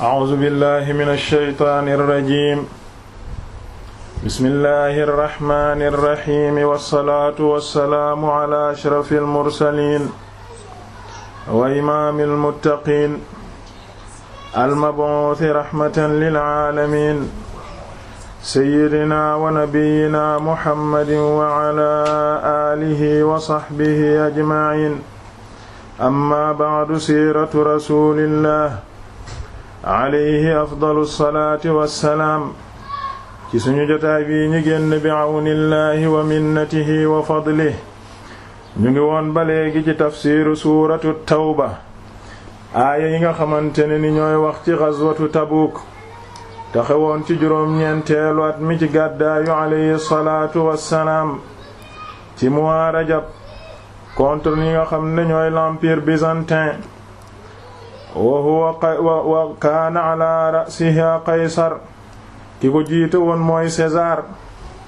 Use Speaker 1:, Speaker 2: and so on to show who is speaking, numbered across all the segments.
Speaker 1: أعوذ بالله من الشيطان الرجيم بسم الله الرحمن الرحيم والصلاة والسلام على أشرف المرسلين وإمام المتقين المبعوث رحمة للعالمين سيدنا ونبينا محمد وعلى آله وصحبه أجمعين أما بعد سيرة رسول الله alayhi afdalu salaati wassalaam ci suñu jotaay bii ñu génn bi awnillahi wa minnatihi wa fadlih ñu ngi woon ba léegi ci tafsiiru suuratu tawba aaya yi nga xamante ne ni ñooy wax ci ghazwatu tabuuk te xewoon ci juróom-ñeenteelu at mi ci gàddaayu alayhi salaatu wassalaam ci mois rajab contre ñi nga xam ne ñooy l'empire byzantin wa huwa wa kaana ala ra'siha qaysar ki ko jiite woon mooy César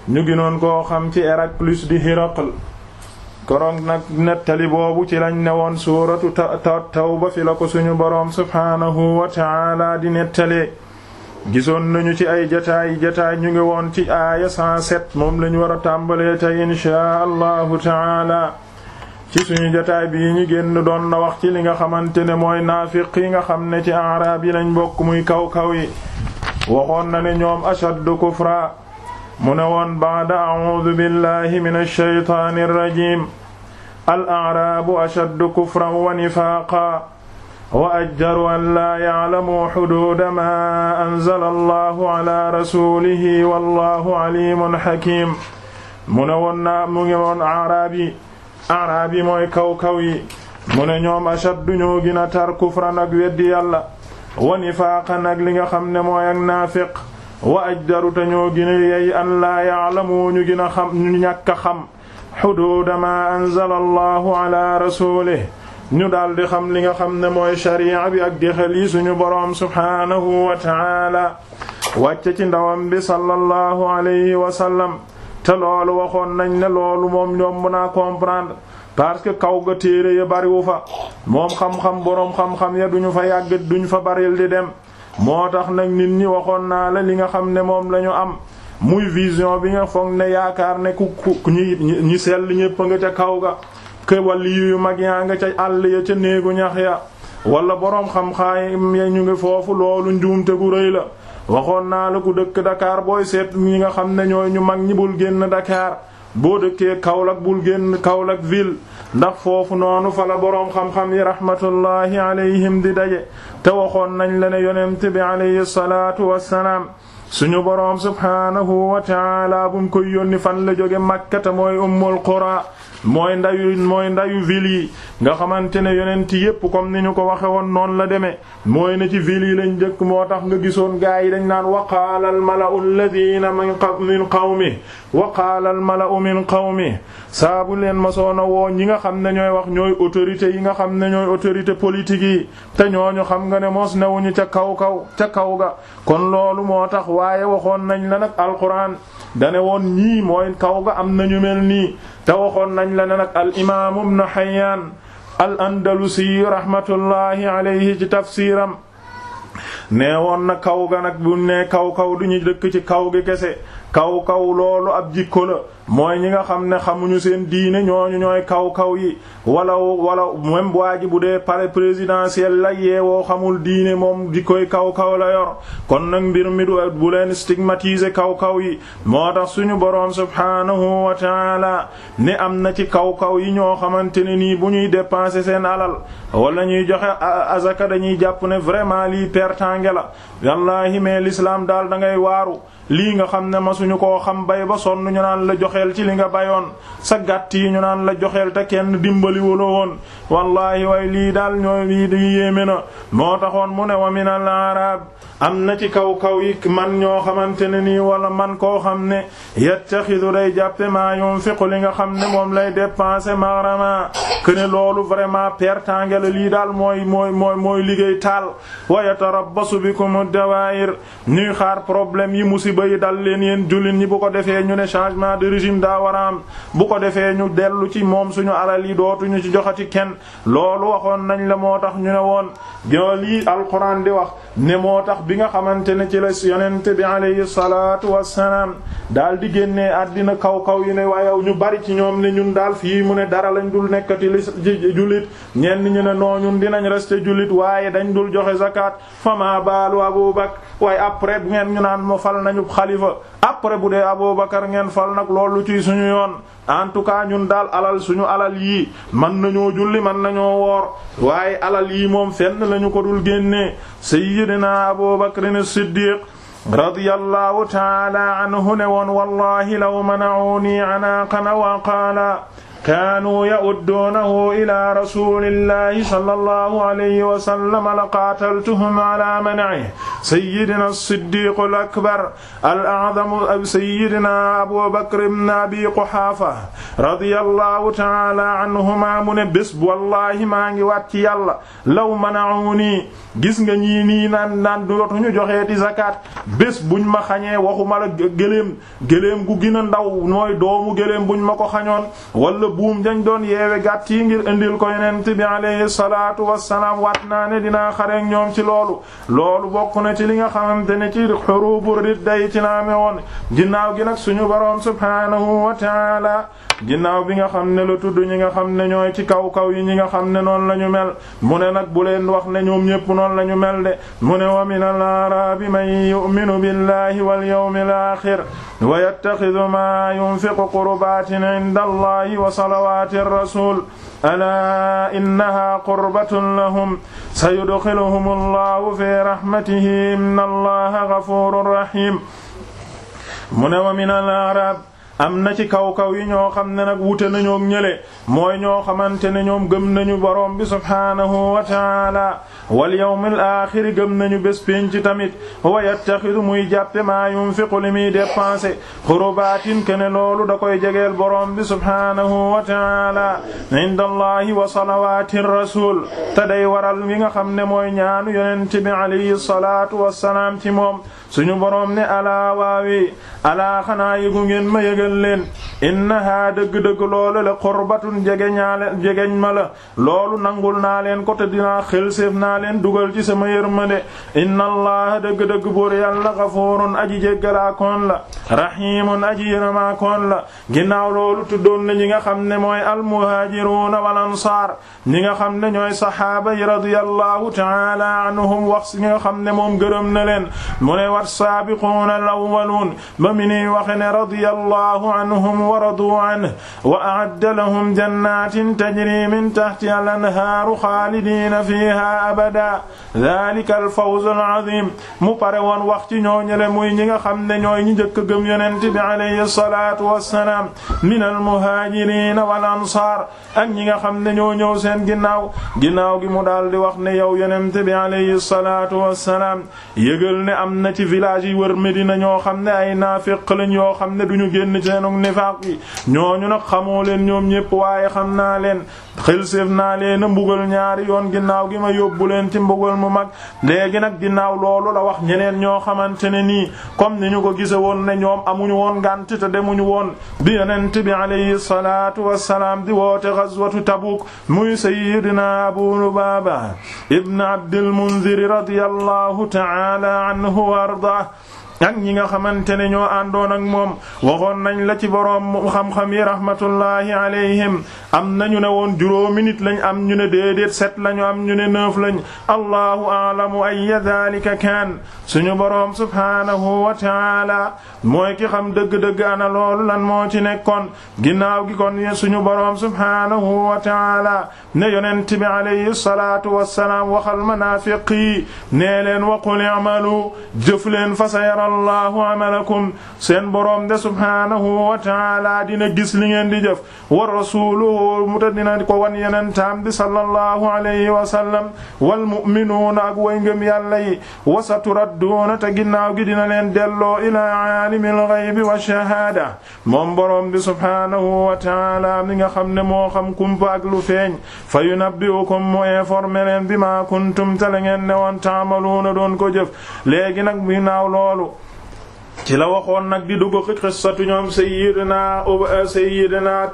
Speaker 1: ñu ginoon koo xam ci Héraclius di Hiraql koroog nag nettali boobu ci lañ ne woon suuratu tawba fi la ko suñu boroom subhaanahu wa ta'ala di nettalee gisoon nañu ci ay jataay jataay ñu ngi woon ci aaya 107 moom lañu war a tàmbalee tey inshaa allahu ta'ala ci suñu jotaay bii ñi génn doon na ci li nga xamante ne mooy naafiq yi nga xam ne ci araab yi lañ bokk muy kaw-kaw yi ne ñoom ashaddu kufra mu ne woon baada a'uudu billahi min alshaytaani irrajim al aaraabu ashaddu kufran wa nifaaqa wa ajdaru an ya'lamu xuduuda maa anzala allahu ala rasulihi wallahu alimun xakim mu ne woon naa mu ngi woon araab yi mooy kaw-kaw yi mu ne ñoom ashaddu ñoo gën a tar kufran ak weddi yàlla wa nifaaqan ak li nga xam ne mooy ak naafiq wa ajdaru te ñoo gën a an laa yaalamu ñu gën a xam ñu ñàkk xam xuduuda maa anzala allahu ala ñu daal di xam li nga xam ne mooy sharia bi ak dexal yi suñu boroom subhaanahu wa taala wàcce ci sallallahu alayhi wa te loolu waxoon nañ ne loolu moom ñoom mën a comprendre parce que kaw ga téere ya bariwu fa moom xam-xam boroom xam-xam ya duñu fa yàgg duñu fa baril di dem moo tax nag nit ñi waxoon naa la li nga xam ne moom lañu am muy vision bi nga foog ne yaakaar ne ku ku ñi ñi sell ñépp nga ca kaw ga ke wàlli yu mag yaa nga ca àll ya ca néegu ñax ya wala boroom xam-xam ya ñu ngi foofu loolu njuumte gu rëy la waxoon naa la ku dëkk dakaar booy seet ñi nga xam ne ñooy ñu mag ñi bul génn Dakar boo dëkkee Kaolack bul génn Kaolack ville ndax foofu noonu fa la boroom xam-xam yi rahmatullahi alayhim di daje te waxoon nañ la ne yonent bi alayhi salaatu wassalaam suñu boroom subhaanahu wa taala bu koy yónni fan la jóge Makka mooy ummul qura mooy ndayu mooy ndayu ville yi nga xamante ne yonent yépp comme ni ñu ko waxe woon noonu la demee mooy ne ci ville yi lañ jëkk moo tax nga gisoon gaa yi dañu naan waqaala al mala'u alladhina min qawmi wa qaala al mala'u min qawmi saabu leen masoona woo ñi nga xam ne ñooy wax ñooy autorité yi nga xam ne ñooy autorité politique yi te ñooñu xam nga ne moos newuñu ca kaw kaw ca kaw ga kon loolu moo tax waaye waxoon nañ la nag alquran dane woon ñii mooy kaw ga am nañu mel nii te waxoon nañ la ne nag al imaamu ibn Hayyan al andalusi rahmatullahi alayhi ci tafsiiram nee woon na kaw ga nag buñ ne kaw kaw du duñu dëkk ci kaw gi kese kaw kaw loolu ab jikko la mooy ñi nga xam ne xamuñu seen diine ñooñu ñooy kaw kaw yi wala wala même waa ji bu dee palais présidentiel la yeewoo xamul diine moom jikkoy kaw kaw la yor kon nag mbir mi du bu leen stigmatiser kaw kaw yi moo tax suñu boroom subhaanahu wa taala ne am na ci kaw kaw yi ñoo xamante ne nii bu ñuy dépenser seen alal wala ñuy joxe azaka dañuy jàpp ne vraiment lii pertange la wallaahi mais l'islam daal dangay ngay waaru lii nga xam ne ma suñu koo xam bay ba sonn ñu naan la joxeel ci li nga bayoon sa gàtt yi ñu naan la joxeel te kenn dimbali wala woon wallaahi way lii daal ñoo lii di yéeme na moo taxoon mu ne wa min al arab am na ci kaw kaw yi man ñoo xamante ne nii wala man koo xam ne yattaxidu day jàppe maa yunfiqu li nga xam ne moom lay dépenser marama kene loolu vraiment pertange la lii daal mooy mooy mooy mooy liggéey taal wa yatarabbasu bikum ad-dawair ñuy xaar problème musiba yi dal leen yéen jullit ñi bu ko defee ñu ne changement de régime daa war a bu ko defee ñu dellu ci moom suñu alal yi dootuñu ci joxati kenn loolu waxoon nañ la moo tax ñu ne woon lii alxuraan di wax ne moo tax bi nga xamante ne ci la yonent bi alayhi salaatu wassalaam daal di génne àddina kaw kaw yi ne waayow ñu bari ci ñoom ne ñun daal fii mu ne dara lañ dul nekkati li jullit ñenn ñu ne noo ñun dinañ reste jullit waaye dañ dul joxe zakat fama baalu Abu waaye après bu ngeen ñu naan mo fal nañu xalifa après bu dee Aboubacar ngeen fal nag loolu suñu yoon en tout cas ñun daal alal suñu alal yi man nañoo julli man nañoo woor waaye alal yii moom fenn lañu ko dul génnee sayyidina Aboubacar as-Siddiq radiyallahu ta'ala anhu ne woon wallahi law mana'uni anaqan wa qaala kaanuu ya'udduunahu ilaa rasuulillaahi sallallaahu alayhi wa sallam la qaataltuhum alaa man'ihi sayyidinaa as-siddiiqu al-akbar al-a'zamu sayyidinaa abuu bakr ibn abii quhaafa radiyallaahu ta'aalaa anhumaa mu ne bés wallaahi maa ngi waat ci yàlla law mana'uunii gis nga ñii nii naan naan dootuñu joxeeti zakaat bés buñ ma xañee waxuma la gëléem gëléem gu gën a ndaw mooy doomu gëléem buñ ma ko xañoon walla buum dañ doon yeewe gàtt yi ngir indil ko yonent bi alayhi salaatu wassalaam waat naa ne dinaa xareek ñoom ci loolu loolu bokk na ci li nga xamante ne ci xurubu ridda yi ci laame won ginnaaw gi nag suñu boroom subhaanahu wa taala ginnaaw bi nga xam ne la tudd ñi nga xam ne ñooy ci kaw-kaw yi ñi nga xam ne noon lañu mel mu ne nag bu leen wax ne ñoom ñépp noonu la mel de mu ne wa min al-aarabi man yu'minu billahi wal yawmil aaxir wa yattaxidu ma yunfiqu qurbatin salawaati rasul alaa innahaa qurbatun lahum sayudxiluhum allahu fi rahmatihi inna allaha gafuurun rahim mu ne wa min al arab am na ci kaw-kaw yi ñoo xam ne nag wute nañoo ñële mooy ñoo xamante ne ñoom gëm nañu boroom bi subhaanahu wa taala wal yawmil aaxiri gëm nañu bés pénc tamit wa yattaxidu muy jàppe maa yunfiqu li muy dépensé xurubaatin kene loolu da koy jegeel borom bi subhaanahu wa taala inda allahi wa salawaatir rasul te day waral yi nga xam ne mooy ñaanu yonent bi alayhi salaatu wassalaam ci moom suñu boroom ne alaa waawi alaa xanaa yégu ngeen ma yëgal leen innahaa dëgg-dëgg loolu la xurbatun jege ñaale jegeñ ma la loolu nangul naa leen ko te dinaa xelséef naa leen dugal ci sama yërmande inna allaha dëgg-dëgg buur yàlla gafuurun aji jéggalaa koon la rahimun aji yërëmaa koon la ginnaaw loolu tuddoon na ñi nga xam ne mooy almuhaajiruuna wal ansaar ñi nga xam ne ñooy saxaaba yi radiyallahu taala anhum wax si nga xam ne moom gërëm na leen mu ne as-saabiquuna al-awwaluun ba mi nuy waxe ne radiyallahu anhum wa radu anhu wa a'adda lahum jannatin tajri min tahtiha al-anhaaru xaalidiina fiihaa abada daalika al-fawzu al-aziim mu pare woon wax ci ñoo ñële muy ñi nga xam ne ñooy ñi njëkk gëm yonent bi alayhi salaatu wassalaam min al-muhaajiriina wal ansaar ak ñi nga xam ne ñoo ñëw seen ginnaaw ginnaaw gi mu daal di wax ne yow yonent bi alayhi salaatu wassalaam yëgal ne am na ci village yi wër Medina ñoo xam ne ay naafiq lañ yoo xam ne duñu génn seenug nifaaq yi ñooñu nag xamoo leen ñoom ñépp waaye xam naa leen xilséef naa leen a mbugal ñaari yoon ginnaaw gi ma yóbbu leen ci mbugal mu mag léegi nag ginnaaw loolu la wax ñeneen ñoo xamante ne nii comme ni ñu ko gise woon ne ñoom amuñu woon ngànt te demuñu woon bi yonent bi alayhi salaatu wassalaam di woote ghazwatu Tabuk muy sayyidina Abu Lubaba ibn Abdil Munzir radiyallahu ta'ala warda ak ñi nga xamante ne ñoo àndoon ak moom waxoon nañ la ci boroom xam-xam yi rahmatullahi alayhim am nañu ne woon juróomi nit lañ am ñu ne déedéet sept lañu am ñu ne neuf lañ allahu aalamu ay daalika kaan suñu boroom subhaanahu wa taala mooy ki xam dëgg-dëgg ana loolu lan moo ci nekkoon ginnaaw gi kon suñu boroom subhaanahu wa taala ne yonent bi alayhi salaatu wassalaam waxal manaafiqi nee leen waqul i'malu jëf leen fa sayara allahu amalakum seen boroom de subhaanahu wa taala dina gis li ngeen di jëf wa rasuluhu muta dina ko wan yenentaam bi sallallahu alayhi wa sallam wal mu'minuuna ak way ngëm yàlla yi wa te ginnaaw gi dina leen delloo ilaa aalimil ghaybi wa shahaada moom boroom bi subhaanahu wa taala mi nga xam ne moo xam kumpa ak lu feeñ fa yunabbi'ukum mu informer leen bi ma kuntum te la ngeen ne woon taamaluuna doon ko jëf léegi nag ginnaaw loolu ci la waxoon nag di dugg ci xissatu ñoom sayyidina sayyidina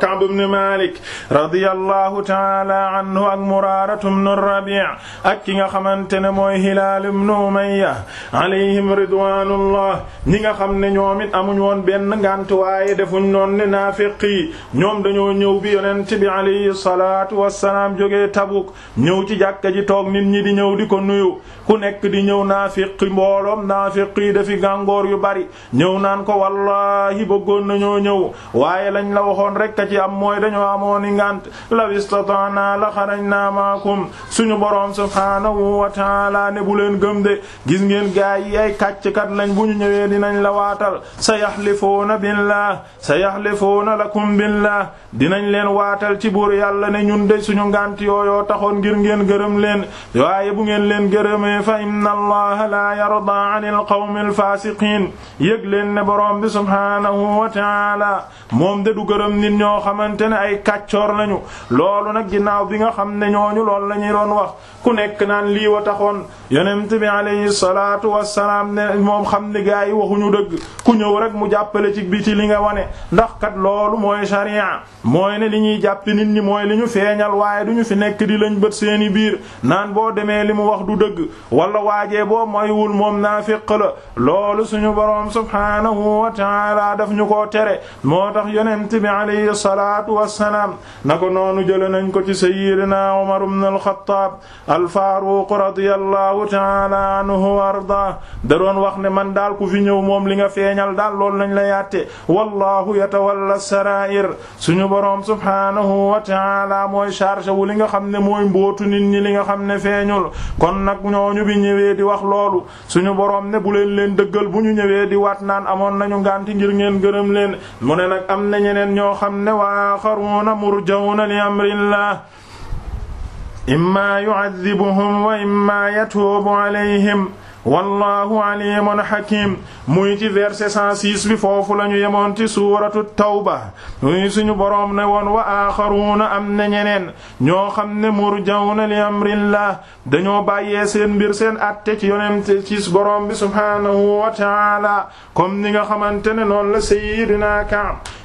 Speaker 1: Ka'b ibn Malik ta'ala anhu ak Muraratu ibn Rabi' ak ki nga xamante ne mooy Hilal ibn Umayya alayhim ridwanullah ñi nga xam ne ñoom it amuñ woon benn ngànt waaye defuñ noon ne naafiq yi ñoom dañoo ñëw bi yonent bi alayhi salaatu wassalaam jógee Tabuk ñëw ci jàkka ji toog nit ñi di ñëw di ko nuyu ku nekk di ñëw naafiqi mbooloom naafiqi dafi gàngoor yu bari ñëw naan ko wallaahi bëggoon nañoo ñëw waaye lañ la waxoon rek a ci am mooy dañoo amoon i ngànt law istataana la xarajnaa maakum suñu boroom subhaanahu wa taala ne bu leen gëm de gis ngeen gaay yi ay kàcckat lañ bu ñu ñëwee dinañ la waatal sa yaxlifuuna billah sa yaxlifuuna lakum billah dinañ leen waatal ci buur yàlla ne ñun de suñu ngànt yooyoo taxoon ngir ngeen gërëm leen waaye bu ngeen leen gërëmee fa inna allaha laa yarda anil qawmil faasiqiin yëg leen ne boroom bi subhaanahu wa taala moom de du gërëm nit ñoo xamante ne ay kàccoor lañu loolu nag ginnaaw bi nga xam ne ñooñu lool la ñuy doon wax ku nekk naan lii wa taxoon yonent bi alayhi salaatu wassalaam ne moom xam ne gaa yi waxuñu dëgg ku ñëw rek mu jàppale ci biti li nga wane ndax kat loolu mooy sharia mooy ne li ñuy jàpp nit ñi mooy li ñu feeñal waaye du ñu fi nekk di lañu bët seeni biir naan boo demee li mu wax du dëgg wala waajee boo moywul moom naafiq la loolu suñu boroom subhaanahu wa taala def ñu ko tere moo tax yonent bi alayhi salaatu wassalaam na ko noonu jële nañ ko ci sayyidina Umar ibn al-Khattab al-Faaruq radiyallahu taala anhu wa arda wax ne man daal ku fi ñëw moom li nga feeñal daal loolu lañ la yàtte wallahu yatawalla sarair suñu boroom subhaanahu wa ta'ala mooy chargé wu li nga xam ne mooy mbootu nit ñi li nga xam ne feeñul kon nag ñu bi ñëwee di wax loolu suñu boroom ne bu leen leen dëggal bu ñu ñëwee di waat naan amoon nañu ngànti ngir ngeen gërëm leen mu ne nag am na ñeneen ñoo xam ne wa axaruuna murjawna li amrillah imma yu'adhibuhum wa imma yatuubu alayhim wallahu alimun hakim muy ci verset 106 bi foofu la ñu yemoon ci suuratu tawba muy suñu boroom ne woon wa aaxaruuna am na ñeneen ñoo xam ne murjawna li amrillah dañoo bàyyee seen mbir seen atte ci yonent ci boroom bi subhaanahu wa taala comme ni nga xamante ne noonu la sayyidina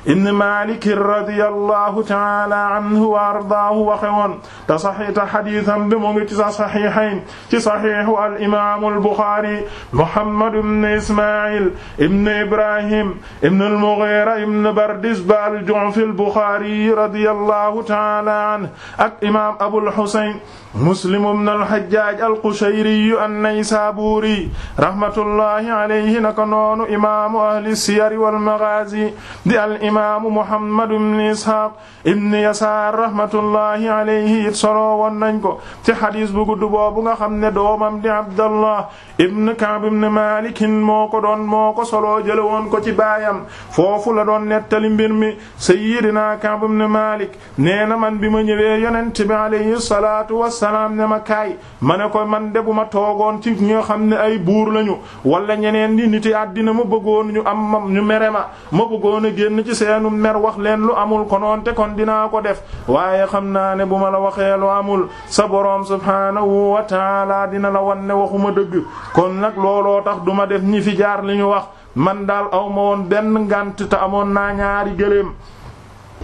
Speaker 1: ibn Maalik radiyallahu ta'ala anhu wa ardaahu waxe woon te saxiita xadiisam bi mu ngi ci saxiixayn ci saxiixu al imaam al Buxaari Muhammad ibn Ismaa'il ibn Ibrahim ibn al Mughiira ibn Bardizbah al Ju'fi al Buxaari radiyallahu ta'ala anhu ak imaam Abul Husayn Muslim ibn al Hajjaaj al Qushayri an-Naysaabuuri rahmatullahi alayhi naka noonu imaamu ahli siyar wal maghaazi di al imaamu Muhammad ibn Ishaaq ibn Yasaar rahmatullahi alayhi it solo woon nañ ko ci xadis bu gudd boobu nga xam ne doomam di Abdallah ibn Ka'b ibn Maalik moo ko doon moo ko solo jële woon ko ci baayam foofu la doon nettali mbir mi sayyidina Ka'b ibn Maalik nee na man bi ma ñëwee yonent bi alayhi salaatu wassalaam ne ma kaay ma ne ko man de ma toogoon ci ñi nga xam ne ay buur lañu wala ñeneen di niti àddina ma bëggoon ñu am ñu mere ma ma bëggoon a génn ci seenu mer wax leen lu amul konoon te kon dinaa ko def waaye xam naa ne bu ma la waxee lu amul sa boroom subhaanahu wa taala dina la wan ne waxuma dëgg kon nag looloo tax duma def ñi fi jaar li ñu wax man daal aw woon benn ngànt te amoon naa ñaari gëléem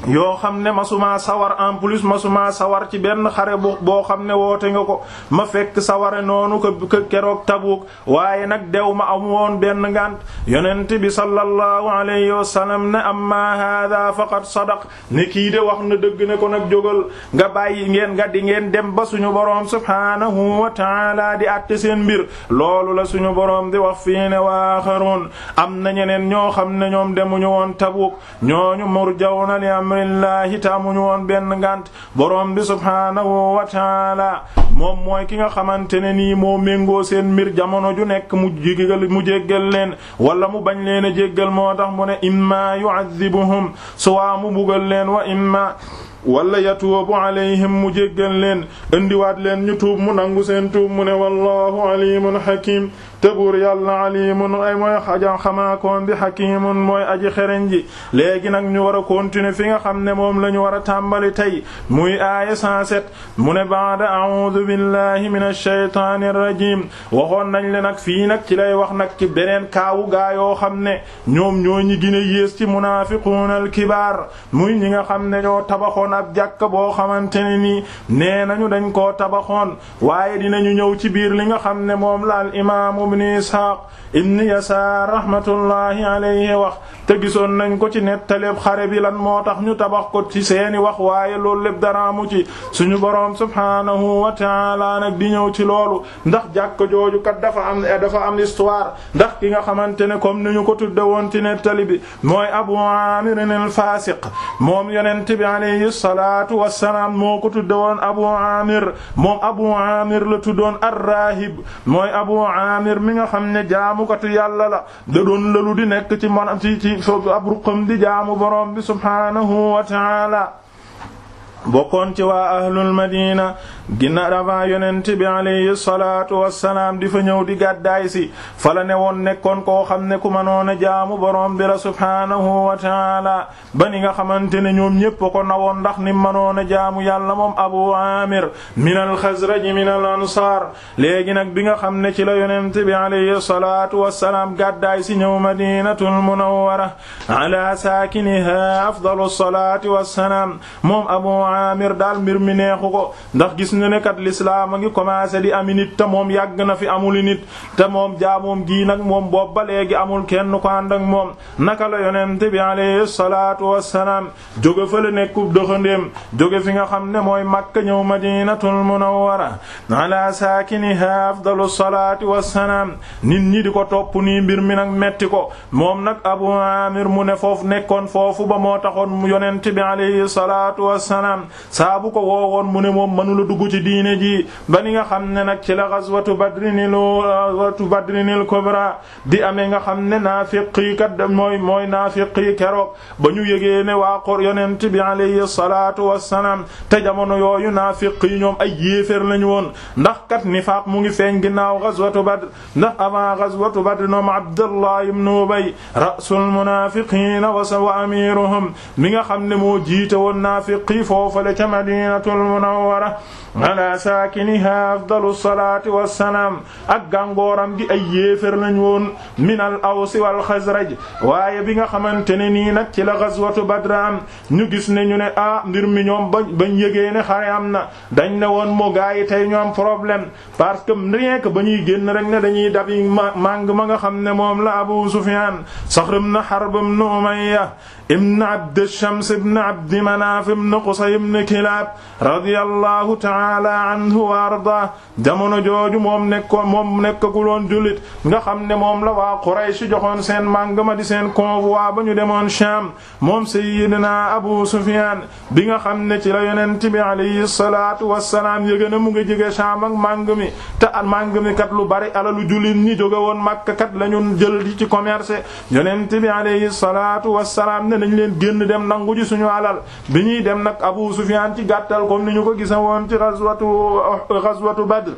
Speaker 1: yoo xam ne masuma sawar en plus masuma sawar ci benn xare bu boo xam ne woote nga ko ma fekk saware noonu ko keroog Tabuk waaye nag dew ma am woon benn ngànt yonent bi sallallahu alayhi wa sallam ne amma hada faqad sadaq ne kii de wax na dëgg ne ko nag jógal nga bàyyi ngeen nga di ngeen dem ba suñu boroom subhanahu wa taala di àtte seen mbir loolu la suñu boroom di wax fii ne waaxaroon am na ñeneen ñoo xam ne ñoom demuñu woon Tabuk ñooñu murjawna amrillahi te amuñu woon benn ngànt boroom bi subhaanahu wa taala moom mooy ki nga xamante ne nii moo méngoo seen mbir jamono ju nekk mu mu jéggal leen wala mu bañ leen a jéggal moo tax mu ne imma yu'adhibuhum suwaa mu bugal leen wa imma wala yatuubu alayhim mu jéggal leen indiwaat leen ñu tuub mu nangu seen tuub mu ne wallahu alimun hakim te buur yàlla alimun ay mooy aja xamaakoon bi xakimun mooy aji xereñ ji léegi nag ñu war a continuer fi nga xam ne moom la ñu war a tàmbali tey muy aaya 107 mu ne baada a'uudu billahi min ashaytaani irrajim waxoon nañ le nag fii nag ci lay wax nag ci beneen kaawu gaa yoo xam ne ñoom ñoo ñi gën a yées ci munaafiquun al kibaar muy ñi nga xam ne ñoo tabaxoon ab jàkk boo xamante ne nii nee nañu dañ ko tabaxoon waaye dinañu ñëw ci biir li nga xam ne moom la al imaamu ibn Isxaaq ibn yasaar rahmatullahi alayhi wax te gisoon nañ ko ci nettaleeb xare bi lan moo tax ñu tabax ko ci seeni wax waaye loolu lépp dara mu ci suñu boroom subhaanahu wa taala nag di ñëw ci loolu ndax jàkka jooju kat dafa am dafa am histoire ndax ki nga xamante ne comme ni ñu ko tudde woon ci nettali bi mooy abu amir al faasiq moom yonent bi alayhi salaatu wassalaam moo ko tudde woon abu amir moom abu amir la tuddoon mooy abu amir mi nga xam ne jaam jaamukatu yàlla la da doon lalu di nekk ci manam ci jaamu borom bi subhaanahu wa taala bokkoon ci waa ahlul madina ginna avant yo bi alayhi salaatu wassalaam di fa ñëw di gàddaay si fala ne woon nekkoon koo xam ne ku mënoon a jaamu borom bi la subhaanahu wa taala ba ni nga xamante ne ñoom ñépp ko nawoon ndax ni mënoon a jaamu yàlla moom abu amir min al xasraj min al ansaar léegi nag bi nga xam ne ci la yonent bi alayhi salaatu wassalaam gàddaay si ñëw madinatul munawwara ala saakiniha afdalu salaati wassalaam moom abu amir daal mbir mi neexu ñu ne kat lislaam a ngi nit moom yàgg na fi amuli nit te moom jaamoom gii nag moom boobu ba léegi amul kenn ko ànd ak moom naka la yonent bi alayhi salaatu wassalaam jóge fa la nekkub doxandéem jóge fi nga xam ne mooy Makka ñëw Madinatul Munawwara ala saakiniha afdalu salaati wassalaam nit ñi di ko topp nii mbir mi nag metti ko moom nag Abu Amir mu ne foofu nekkoon foofu ba moo taxoon yonent bi alayhi salaatu ko woowoon mu ne moom mënula dugg dugg ci diine ji ba ni nga xam ne nag ci la ghazwatu badrinil ghazwatu badrinil kubra di amee nga xam ne naafiq yi kat mooy mooy naafiq yi keroog ba ñu yëgee ne waa qor yonent bi alayhi salaatu wassalaam te jamono yooyu naafiq yi ñoom ay yéeféer lañu woon ndax kat nifaaq mu ngi feeñ ginnaaw ghazwatu badr ndax avant ghazwatu badr noom abdullah ibn ubay rasul munaafiqiin wa amiruhum mi nga xam ne moo jiite woon naafiq yi foofale ca madinatul munawwara ala saakiniha afdalu salaati wassalaam ak gàngooram gi ay yéefér lañ woon min al awsi wal xasraj waaye bi nga xamante ne nii nag ci la gazwatu badr am ñu gis ne ñu ne ah mbir mi ñoom ba bañ yëgee ne xare am na dañ ne woon moo gaa yi tey ñoom problème parce que rien que ba ñuy génn rek ne dañuy dabi màng ma nga xam ne moom la Abu Sufyaan Saxr ibn Harb ibn Umayya ibn abd shams ibn abd manaaf ibn qusay ibn kilaab radiyallahu taala anhu wa arda jamono jooju moom nekkoon moom nekkaguloon jullit nga xam ne moom la waa quraysh joxoon seen màngama di seen convoi ba ñu demoon Sham moom sayyidina abu sufyaan bi nga xam ne ci la yonent bi alayhi salaatu wassalaam yëgën a mu ngi jege Sham ak màng mi te kat lu bari alalu jullit ñi jóge woon Makka kat la ñu jël ci commerce yonent bi alayhi salaatu nañ leen génn dem nangu ji suñu alal bi ñuy dem nag Abu Sufyaan ci gàttal comme ni ñu ko gisa woon ci ghazwatu ghazwatu Badr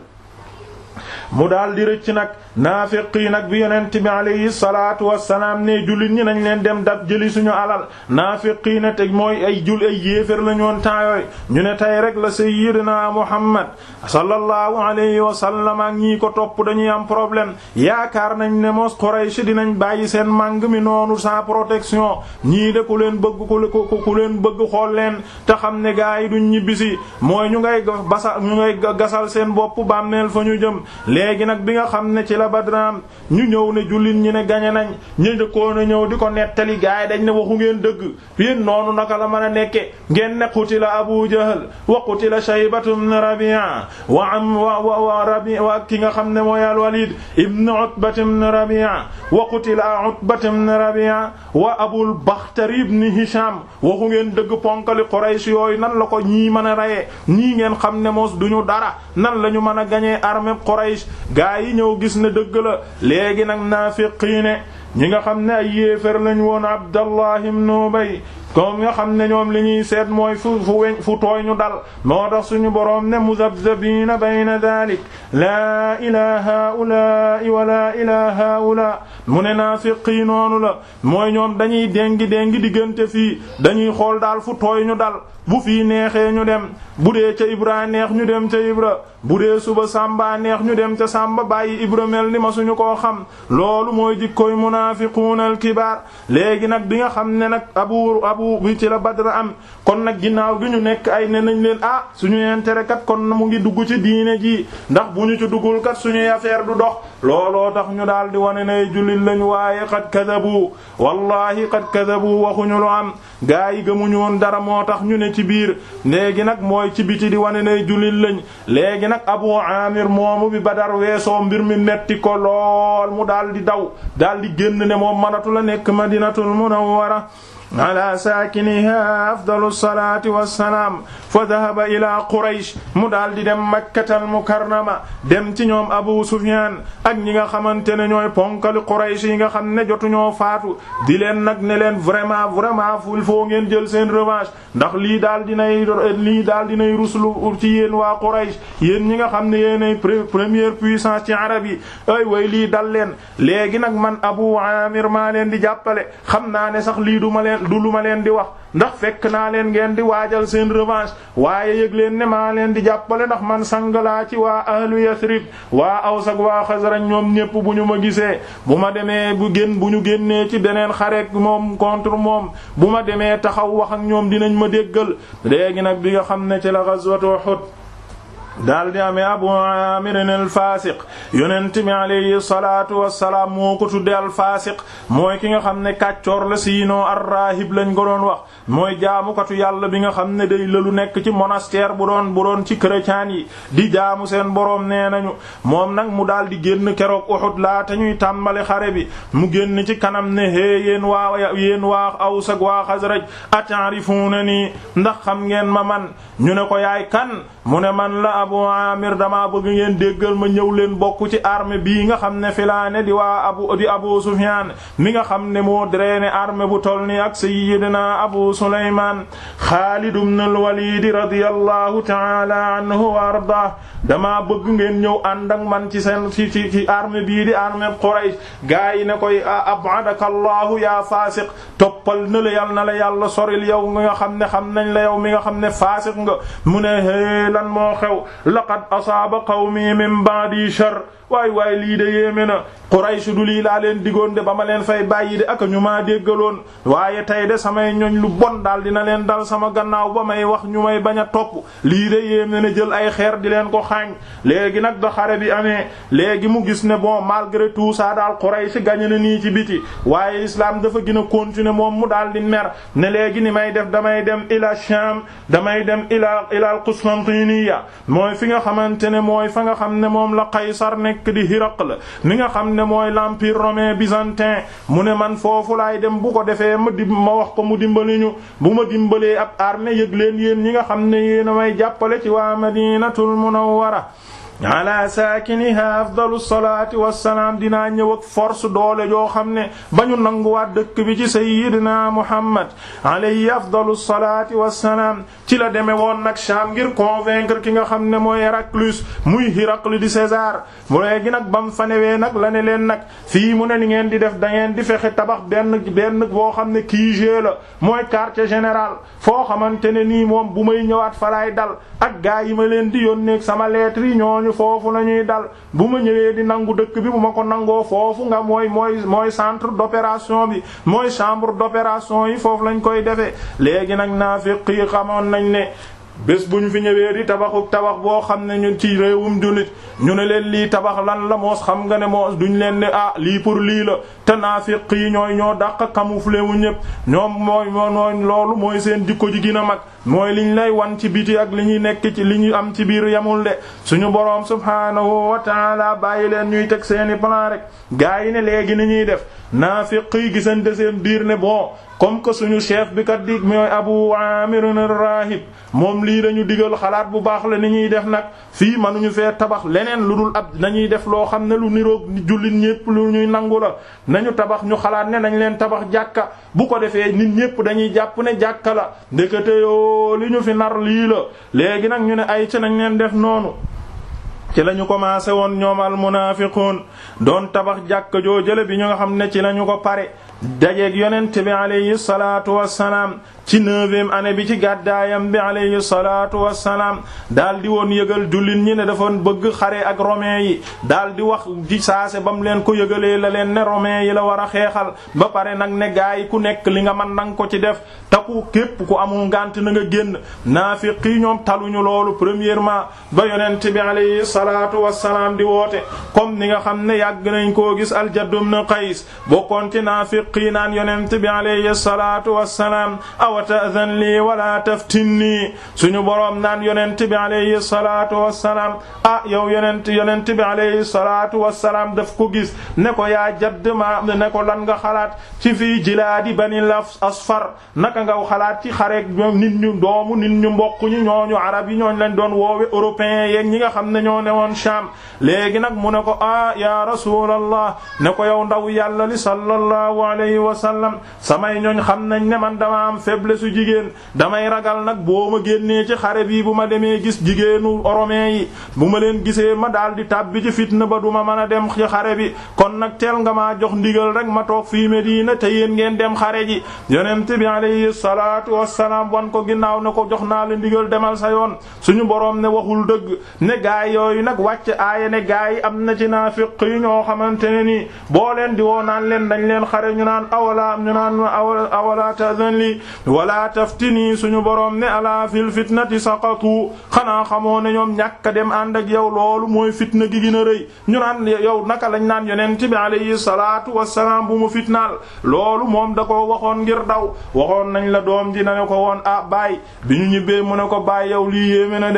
Speaker 1: mu daal di rëcc nag naafiq yi nag bi yonent bi alayhi salaatu wassalaam ne jullit ñi nañ leen dem dab jëli suñu alal naafiq yi na teg mooy ay jul ay yéefér la woon temps ñu ne tey rek la sayyidina Muhammad sallallahu alayhi wa sallam ak ñii ko topp dañuy am problème yaakaar nañ ne mos Quraysh dinañ bàyyi seen màng mi noonu saa protection ñii de ku leen bëgg ku ku leen bëgg xool leen te xam ne gaa yi duñ ñibbisi mooy ñu ngay basal ñu gasal seen boppu bàmmeel fa ñu jëm léegi nag bi nga xam ne ci la Badram ñu ñëw ne jullit ñi ne gañe nañ ñu njëkkoon a ñëw di ko nettali gaay dañ ne waxu ngeen dëgg yéen noonu naka la mën a nekke ngeen ne qutila Abu Jahl wa qutila Shaybatu ibn Rabi'a wa am wa ki nga xam ne mooy al-Walid ibn Utba ibn Rabi'a wa qutila Utba ibn Rabi'a wa Abul Bakhtari ibn Hisham waxu ngeen dëgg ponkali Quraysh yooyu nan la ko ñii mën a rayee ñii ngeen xam ne moos duñu dara nan la ñu mën a gañee armée Quraysh gaa yi ñëw gis ne dëgg la léegi nag naafiqii ne ñi nga xam ne ay yéefar lañ woon Abdallah ibn Ubay comme nga xam ne ñoom li ñuy seet mooy fu fu weñ tooy ñu dal moo tax suñu boroom ne muzabzabiina bayna dalik laa ilaa haulai wala ilaa haula mu ne naafiqii noonu la mooy ñoom dañuy déngi-déngi diggante fii dañuy xool daal fu tooy ñu dal bu fii neexee ñu dem bu dee ca ibra neex ñu dem ca ibra bu dee suba sàmba neex ñu dem ca sàmba bàyyi ibra mel ni ma suñu koo xam loolu mooy jikkoy munaafiquunal kibaar léegi nag bi nga xam ne nag abu abu Abu ci la Badr am kon nag ginnaaw gi ñu nekk ay ne nañ leen ah suñu intérêt kat kon mu ngi dugg ci diine ji ndax bu ñu ci duggul kat suñuy affaire du dox looloo tax ñu daal di wane ne jullit lañ waaye qad kadabu wallahi qad kadabu waxuñu lu am gaa yi gëmuñu woon dara moo tax ñu ne ci biir léegi nag mooy ci biti di wane ne jullit lañ léegi nag Abu Amir moomu bi ba Badar weesoo mbir mi metti ko lool mu daal daw daal génn ne moom mënatu la nekk Madinatul ala saakiniha afdalu salaati wassalaam fa dahaba ila quraysh mu daal di dem makkatal mukarrama dem ci ñoom abu sufyaan ak ñi nga xamante ne ñooy ponkali quraysh yi nga xam ne jotu ñoo faatu di leen nag ne leen vraiment vraiment il faut ngeen jël seen revanche ndax lii daal dinay lii daal dinay ruslu ci yéen waa quraysh yéen ñi nga xam ne yéenay première puissance ci arab yi ay way lii dal leen léegi nag man abu amir ma leen di jàppale xam naa ne sax lii duma leen naan du lu ma leen di wax ndax fekk naa leen ngeen di waajal seen revanche waaye yëg leen ne maa leen di jàppale ndax man sang laa ci waa ahlu Yasrib waa aw ak waa Xasraj ñoom ñépp bu ñu ma gisee bu ma demee bu génn bu ñu génnee ci beneen xareek moom contre moom bu ma demee taxaw wax ak ñoom dinañ ma déggal léegi nag bi nga xam ne ci la ghazwatu daal di amee abu amirin al faasiq yonent bi salaatu wassalaam moo ko tudde al faasiq mooy ki nga xam ne kàccoor la siinoo ar raahib lañ ko doon wax mooy jaamukatu yàlla bi nga xam ne day lalu nekk ci monastère bu doon bu doon ci chrétien yi di jaamu seen boroom nee nañu moom nag mu daal di génn keroog Uhud laata ñuy tàmbali xare bi mu génn ci kanam ne hee yéen waa yéen waa Aws ak waa Xasraj nii ndax xam ngeen ma man ñu ne ko yaay kan mu ne man la abu amir dama bëgg ngeen déggal ma ñëw leen bokk ci armée bii nga xam ne filaane di waa abu di abu sufyaan mi nga xam ne moo draine armée bu toll ni ak sayyidina abu sulaymaan xaalid ibn al walid radiyallahu taala anhu wa ardah dama bëgg ngeen ñëw ànd ak man ci seen ci ci ci armée bii di armée quraysh gaa yi ne koy abadaka allahu yaa faasiq toppal na la yal na la yàlla soril yow nga xam ne xam nañ la yow mi nga xam ne faasiq nga mu ne lan moo xew laqad asaaba qawmi min ba'di shar waay waay lii de yéeme na Quraysh du lii laa leen digoon de ba ma leen fay bàyyi de ak ñu maa déggaloon waaye tey de samay ñoñ lu bon daal na leen dal sama gannaaw ba may wax ñu may bañ a topp lii de yéeme na jël ay xeer di leen ko xaañ léegi nag da xare bi amee léegi mu gis ne bon malgré tout ça daal Quraysh gañe na nii ci biti waaye islam dafa gën a continuer moom mu dal di mer ne léegi ni may def damay dem ila Sham damay dem ila ila al Qustantiniya mooy nekk di Hiraql mi nga xam ne mooy l'empire romain byzantin mu ne man foofu laay dem bu ko defee ma di ma wax ko mu dimbali ñu bu ma dimbalee ab armée yëg leen yéen ñi nga xam ne yéen a may jàppale ci waa Madinatul wara ala saakiniha afdalu salaati wassalaam dinaa ñëw ak force doole joo xam ne bañu ñu nanguwaat dëkk bi ci sayyidina Muhammad alayhi afdalu salaati wassalaam ci la deme woon nag Sham ngir convaincre ki nga xam ne mooy Héraclius muy Héraclius di César léegi nag bam fanewee nag la ne leen nag fii mu ne ni ngeen di def da ngeen di fexe tabax benn benn boo xam ne QG la mooy quartier général foo xamante ne nii moom bu may ñëwaat falaay dal ak gaa yi ma leen di yónnee sama lettre bi foofu la ñuy dal bu ma ñëwee di nangu dëkk bi bu ma ko nangoo foofu nga mooy mooy mooy centre d'opération bi mooy chambre d'opération yi foofu lañ koy defee léegi nag naa naafiq yi xamoon nañ ne bés bu ñu fi ñëwee di tabaxu tabax boo xam ne ñu ci réewum jullit ñu ne leen lii tabax lan la moos xam nga ne moos duñ leen ne ah lii pour lii la te naafiq yi ñooy ñoo dàq camouflé wu ñëpp ñoom mooy mooy loolu mooy seen jikko ci gën mag mooy liñ lay wan ci biti ak li ñuy nekk ci li ñu am ci biir yamul de suñu boroom subhaanahu wa taala bàyyi leen ñuy teg seeni plan rek gaa yi ne leegi ni ñuy def naa naafiq yi gisante seen biir ne bon comme que suñu chef bi kat di mooy Abu Amir ar-Rahib moom lii dañu digal xalaat bu baax la ni ñuy def nag fii mënuñu fee tabax leneen lu dul ab nañuy def loo xam ne lu niroog jullit ñépp lu ñuy nangu la nañu tabax ñu xalaat ne nañ leen tabax jàkka bu ko defee nit ñépp dañuy jàpp ne jàkka li ñu fi nar lii la léegi nag ñu ne ay ca nañ leen def noonu ci la ñu commencé woon ñoom almunaafiquun doon tabax jàkk joo bi ñu nga xam ne ci la ñu ko pare dajeeg yonent bi alayhi salaatu wassalaam ci neuvième année bi ci gàddaayam bi alayhi salaatu wassalaam daal di woon yëgal jullit ñi ne dafa bëgg xare ak romain yi daal di wax di saase ba mu leen ko yëgalee la leen ne romain yi la war a xeexal ba pare nag ne gaa yi ku nekk li nga man nang ko ci def taku képp ku amul ngant na nga génn naafiq yi ñoom taluñu loolu premièrement salaatu wassalaam di woote comme ni nga xam ne yàgg nañ koo gis al-Jadd ibn Qays bokkoon ci naafiqi naan yonent bi alayhi salaatu wassalaam awa ta'zan lii wala taftinnii suñu boroom naan yonent bi alayhi salaatu wassalaam ah yow yonent yonent bi alayhi salaatu wassalaam daf ko gis ne ko yaa Jadd ma ne ko lan nga xalaat ci fii jilaadi Bani Asfar naka nga xalaat ci xareek nit ñu doomu nit ñu mbokk ñooñu arab yi ñooñu lañ doon woowe européen yeeg ñi nga xam ne ñoo newoon Sham léegi nag mu ne ko ah ya rasulallah ne ko yow ndaw yàlla li sallallahu alayhi wa sallam samay ñooñ xam nañ ne man dama am faiblesse su jigéen damay ragal nag boo génnee ci xare bi bu ma demee gis jigéenu oromee yi bu ma leen gisee ma daal di tàbbi ci fitna ba duma mën a dem xare bi kon nag teel nga maa jox ndigal rek ma toog fii Medina te yéen ngeen dem xare ji yonent bi alayhi salaatu wassalaam wan ko ginnaaw ne ko jox naa la ndigal demal sa yoon ñu boroom ne waxul dëgg ne gaay yooyu yi nag wàcc aaya ne gaa yi am na ci naafiq yi ñoo xamante ne nii boo leen di woo naan leen dañ leen xare ñu naan awala ñu naan awala tazan li wala taftini suñu borom ne ala fil fitnati saqatu xanaa xamoo ne ñoom ñàkk a dem ànd ak yow loolu mooy fitna gi ñu naan yow naka lañ naan yonent bi alayhi salaatu wassalaam bu mu fitnaal loolu moom dako ko waxoon ngir daw waxoon nañ la doom ji na ne ko woon a ah baay bi ñu ñibbee mu ne ko baay yow lii yéeme na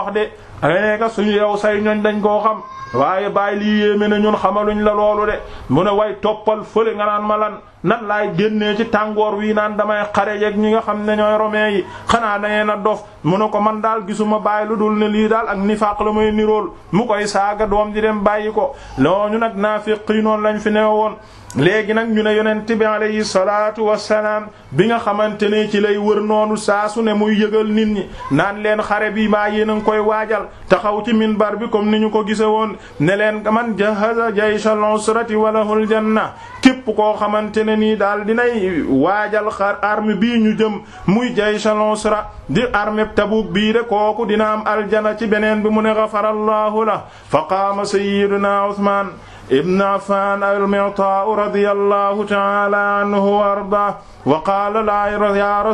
Speaker 1: wax de dangay nekka suñu yow say ñoñ dañ koo xam waaye bàyyi lii yéeme na ñun xamaluñ la loolu de mu ne way toppal fële nga naan ma lan nan laay génnee ci tàngoor wii naan damay xare yeeg ñi nga xam ne ñooy romain yi xanaa dangeen a dof mu ne ko man daal gisuma bàyyi lu dul ne lii daal ak ni nifaaq la muy nirool mu koy saaga doom di dem bàyyi ko looñu nag naafiq yi noonu lañ fi ne woon léegi nag ñu ne yonent bi alayhi salaatu wassalaam bi nga xamante ne ci lay wër noonu saasu ne muy yëgal nit ñi naan leen xare bi maa yéen a ngi koy waajal taxaw ci minbar bi comme ni ñu ko gise woon ne leen man jahaza jayshal usrati wa lahul janna képp koo xamante ne ne nii daal dinay bii ñu jëm muy jaysal usra di arme Tabuk bii de kooku dina aljana ci beneen bi mu ne gafarallahu la fa qaama sayyiduna Usmaan ibn Affaan al-Mu'taa radiyallahu ta'ala anhu wa ardaa wa qaala laa yaa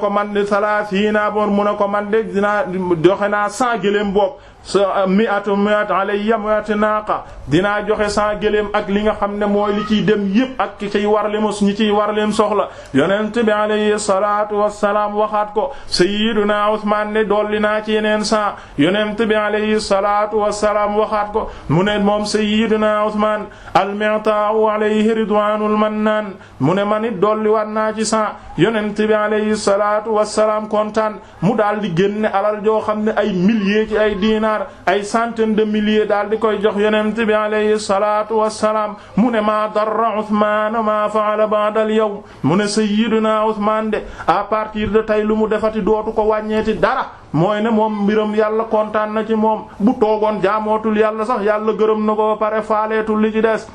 Speaker 1: ko man de salaasiina ab'ur mu ne ko man de dinaa saa gëléem bopp sa mi'atu mi'at alayya mi'at naaqa dinaa joxe sa gëléem ak li nga xam ne mooy li ciy dem yëpp ak ki ciy warle mos ñi ciy warleem soxla yonent bi alayhi salaatu wassalaam waxaat ko sayyiduna Usmaan ne dolli naa ci yeneen sa yonent bi alayhi salaatu wassalaam waxaat ko mu ne moom sayyiduna Usmaan al-mi'taa'u alayhi ridwaanul mannaan mu ne man it dolli waat naa ci sa yonent bi alayhi salaatu wassalaam kontaan mu daal di génne alal joo xam ne ay milliers ci ay diina dinaar ay centaine de milliers daal di koy jox yonent bi alayhi salaatu wassalaam mu ne maa darra Usmaan maa fa'ala ba'da al-yawm mu ne sayyiduna Usmaan de à partir de tey lu mu defati dootu ko wàññeeti dara mooy ne moom mbiram yàlla kontaan na ci moom bu toogoon jaamootul yàlla sax yàlla gërëm na ko pare faaleetul li ci des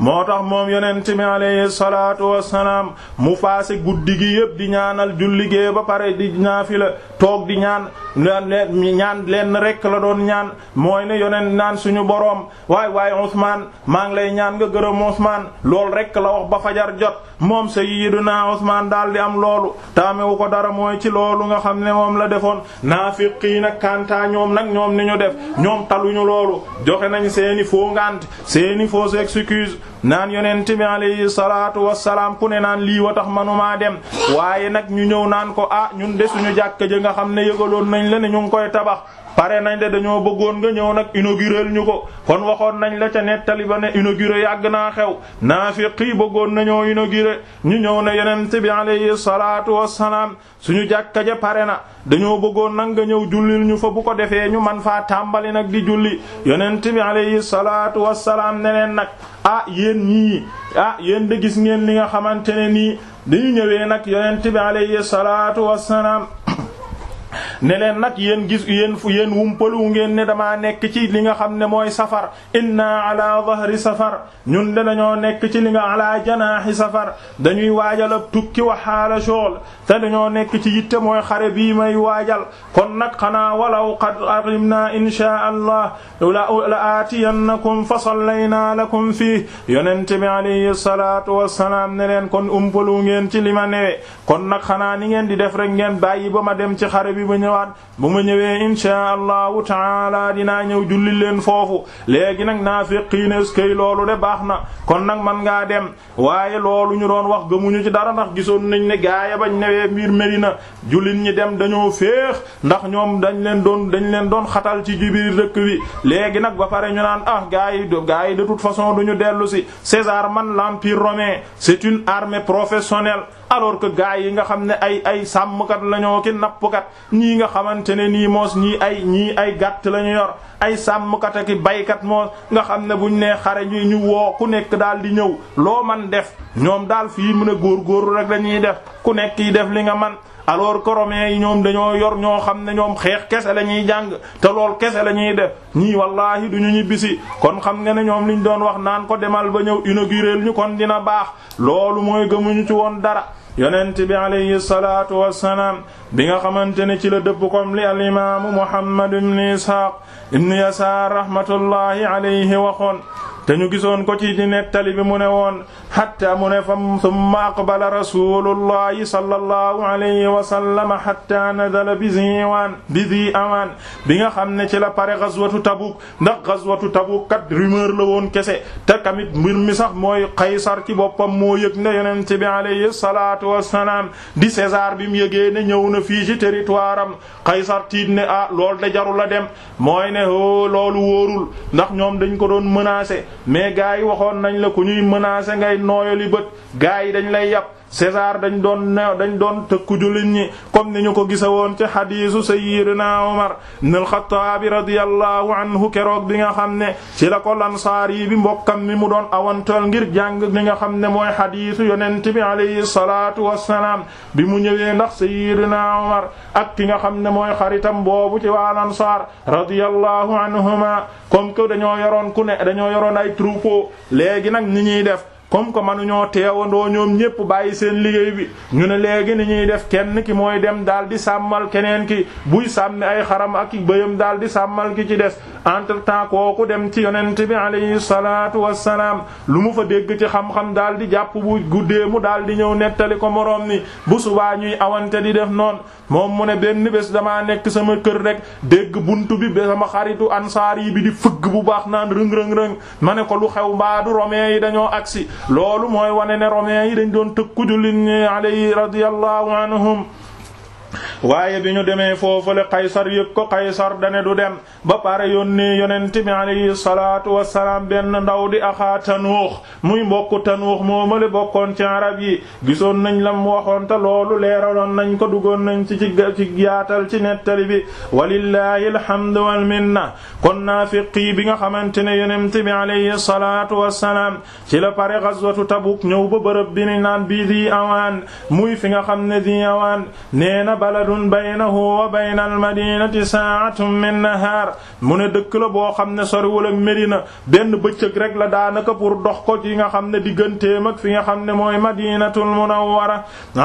Speaker 1: moo tax moom yonent mi alayhi salaatu wassalaam mu faase guddi gi yëpp di ñaanal julli gee ba pare di la toog di ñaan ñaan lenn rekk la doon ñaan mooy ne yonent naan suñu boroom waay waay Usmaan maa ngi lay ñaan nga gërëm Usmaan lool rekk la wax ba fajar jot moom sa sayyiduna Usmaan daal di am loolu taamewu ko dara mooy ci loolu nga xam ne moom la defoon naafiqi nag kanta ñoom nag ñoom ni ñu def ñoom taluñu loolu joxe nañ seeni faux ngant seeni naan yonent bi alayhi salaatu wassalaam ku ne naan lii tax manumaa dem waaye nag ñu ñëw naan ko ah ñun de suñu jàkk nga xam ne yëgaloon nañ la ne ñu ngi koy tabax pare nañ de dañoo bëggoon nga ñëw nag inaugurer ñu ko kon waxoon nañ la ca nettali ba ne inaugurer yàgg naa xew naafiq yi bëggoon nañoo inaugurer ñu ñëw ne yeneen bi alayhi salaatu wassalaam suñu jàkka ja pare na dañoo bëggoon nag nga ñëw jullil ñu fa bu ko defee ñu man faa tàmbali nag di julli yonent bi alayhi salaatu wassalaam ne leen nag ah yéen ñii ah yéen de gis ngeen li nga xamante ne nii dañu ñëwee nag yeneen bi alayhi salaatu wassalaam ne leen nag yéen gis yéen fu yéen wumpalu ngeen ne damaa nekk ci li nga xam ne mooy safar inna ala dhahri safar ñun de dañoo nekk ci li nga ala janaahi safar dañuy waajal ab tukki wa xaala shool te dañoo nekk ci yitte mooy xare bii may waajal kon nag xanaa walaw qad alimna inshaa allah la aatiyannakum fa sallaynaa lakum fii yonente bi alayhi salaatu wassalaam ne leen kon umpalu ngeen ci li ma kon nag xanaa ni ngeen di def rek ngeen bàyyi ba ma dem ci xare bi bi ba ñëwaat bu ma ñëwee inshaa allahu taala dinaa ñëw julli leen foofu léegi nag naafiqi ne eskay loolu de baax na kon nag man ngaa dem waaye loolu ñu doon wax gëmuñu ci dara ndax gisoon nañ ne gaaya bañ newee mbir Medina jullit ñi dem dañoo féex ndax ñoom dañ leen doon dañ leen doon xatal ci biir dëkk bi léegi nag ba pare ñu naan ah gaay yi gaay yi de toute façon duñu dellu si César man l'empire romain c'est une armée professionnelle alors que gars yi nga xam ne ay ay sàmmkat lañoo ki nappkat ñii nga xamante ne nii moos ñii ay ñii ay gàtt lañu yor ay sàmmkat ak baykat moos nga xam ne buñ nee xare ñu ñu woo ku nekk daal di ñëw loo man def ñoom daal fii ne góor góor rek dañuy def ku nekk yi def li nga man aloor que romains yi ñoom dañoo yor ñoo xam ne ñoom xeex kese lañuy jàng te lool kese la ñuy def ñii wallaahi duñu ñibbisi kon xam nga ne ñoom liñ doon wax naan ko demal yonent bi alayhi salaatu wassalaam bi nga xamante ne ci la dëpp comme li al imaamu Muhammad ibn Ishaaq ibn Yasaar rahmatullahi alayhi waxoon te ñu gisoon ko ci ci nettali bi mu ne woon xatta mu ne fam summa aqbala rasulullahi sallallahu alayhi wa sallam xatta nazala bi ziwaan bi zi amaan bi nga xam ne ci la pare gazwatu Tabuk ndax gazwatu Tabuk kat rumeur la woon kese te tamit mbir mi sax mooy Qaysar ki boppam moo yëg ne ci bi alayhi salaatu wassalaam di César bi mu yëgee ne ñëw na fii ci territoire am Qaysar tiit ne a ah, lool de jarul a dem mooy ne oh, loolu wóorul ndax ñoom dañ ko doon menacer mais gaa yi waxoon nañ la ku ñuy menacer ngay nooyali bët gaa yi dañ lay yàpp César dañu doon dañ doon tëkku jullit ñi comme ni ñu ko gisa woon ci xadiisu sayyidina Umar ibn al-Khattab radiyallahu anhu keroog bi nga xam ne ci la ko lansaar yi bi mbokkam mi mu doon awantal ngir jàng li nga xam ne mooy xadiisu yonent bi alayhi salaatu wassalaam bi mu ñëwee ndax sayyidina Umar ak ki nga xam ne mooy xaritam boobu ci waa lansaar radiyallahu anhuma comme que dañoo yoroon ku ne dañoo yoroon ay troupeau léegi nag ni ñuy def comme que mënuñoo teewandoo ñoom ñépp bàyyi seen liggéey bi ñu ne léegi ni ñuy def kenn ki mooy dem daal di sàmmal keneen ki buy sàmmi ay xaram ak bëyam daal di sàmmal ki ci des entre temps kooku dem ci yonent bi alayhi salaatu wassalaam lu mu fa dégg ci xam-xam daal di jàpp bu guddee mu daal di ñëw nettali ko moroom ni bu subaa ñuy awante di def noon moom mu ne benn bés damaa nekk sama kër rek dégg bunt bi sama xaritu ansaar yi bi di fëgg bu baax naan rëng loolu mooy wane ne romains yi dañ doon tëkku jullit ñi alayhi radiyallahu anhum waaye bi ñu demee foofale Qaysar yëg ko dane du dem ba pare yónnee yonent bi alayhi salaatu wassalaam benn ndaw di axaa Tanuux muy mbokku Tanuux moomale bokkoon ci arab yi gisoon nañ la mu waxoon te loolu leeraloon nañ ko duggoon nañ ci ci ci yaatal ci nettali bi walillahi alhamdu wal kon naafiqi bi nga xamante ne yonent bi alayhi salaatu wassalaam ci la pare ghazwatu Tabuk ñëw ba bërëb bi ni naan bii di awaan muy fi nga xam ne di awaan baladun baynahu wa bayna almadinati saa'atun min nahaar mu ne dëkk la boo xam ne soriwul ak Medina benn bëccëg rek la daanaka pour dox ko ci nga xam ne digganteem ak fi nga xam ne mooy madinatul munawwara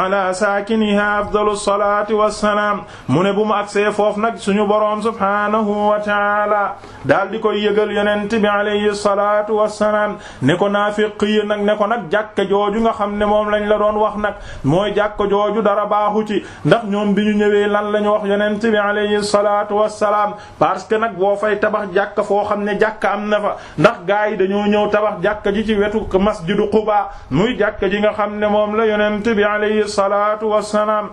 Speaker 1: ala saakiniha afdalu salaati wassalaam mu ne bu mu agsee foofu nag suñu boroom subhaanahu wa taala daal di koy yëgal yonent bi alayhi salaatu wassalaam ne ko naafiq yi nag ne ko nag jàkka jooju nga xam ne moom lañ la doon wax nag mooy jàkka jooju dara baaxu ci ndax ñoom ñoom bi ñu ñëwee lan la ñu wax yonent bi alayhi salaatu wassalaam parce que nag boo fay tabax jàkk foo xam ne jàkk am na fa ndax gars yi dañoo ñëw tabax jàkk ji ci wetu masjidu Quba muy jàkka ji nga xam ne moom la yonent bi alayhi salaatu wassalaam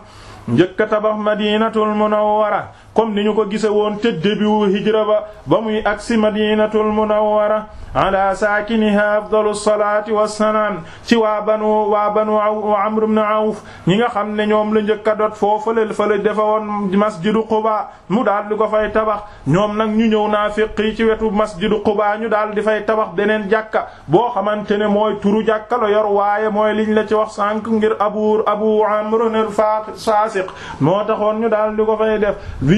Speaker 1: njëkk a tabax madinatul munawwara comme ni ñu ko gise woon te début hijra ba ba muy agsi madinatul munawwara ala saakiniha afdalu salaati wassalaam ci waa banu waa banu amr ibn awf ñi nga xam ne ñoom la njëkka dot fa fale dafa woon masjidu quba mu daal di ko fay tabax ñoom nag ñu ñëw naa fiqi ci wetu masjidu quba ñu daal di fay tabax beneen jàkka boo xamante ne mooy turu jàkka la yor waaye mooy liñ la ci wax sànq ngir abu abu amr al faasiq moo taxoon ñu daal ko fay def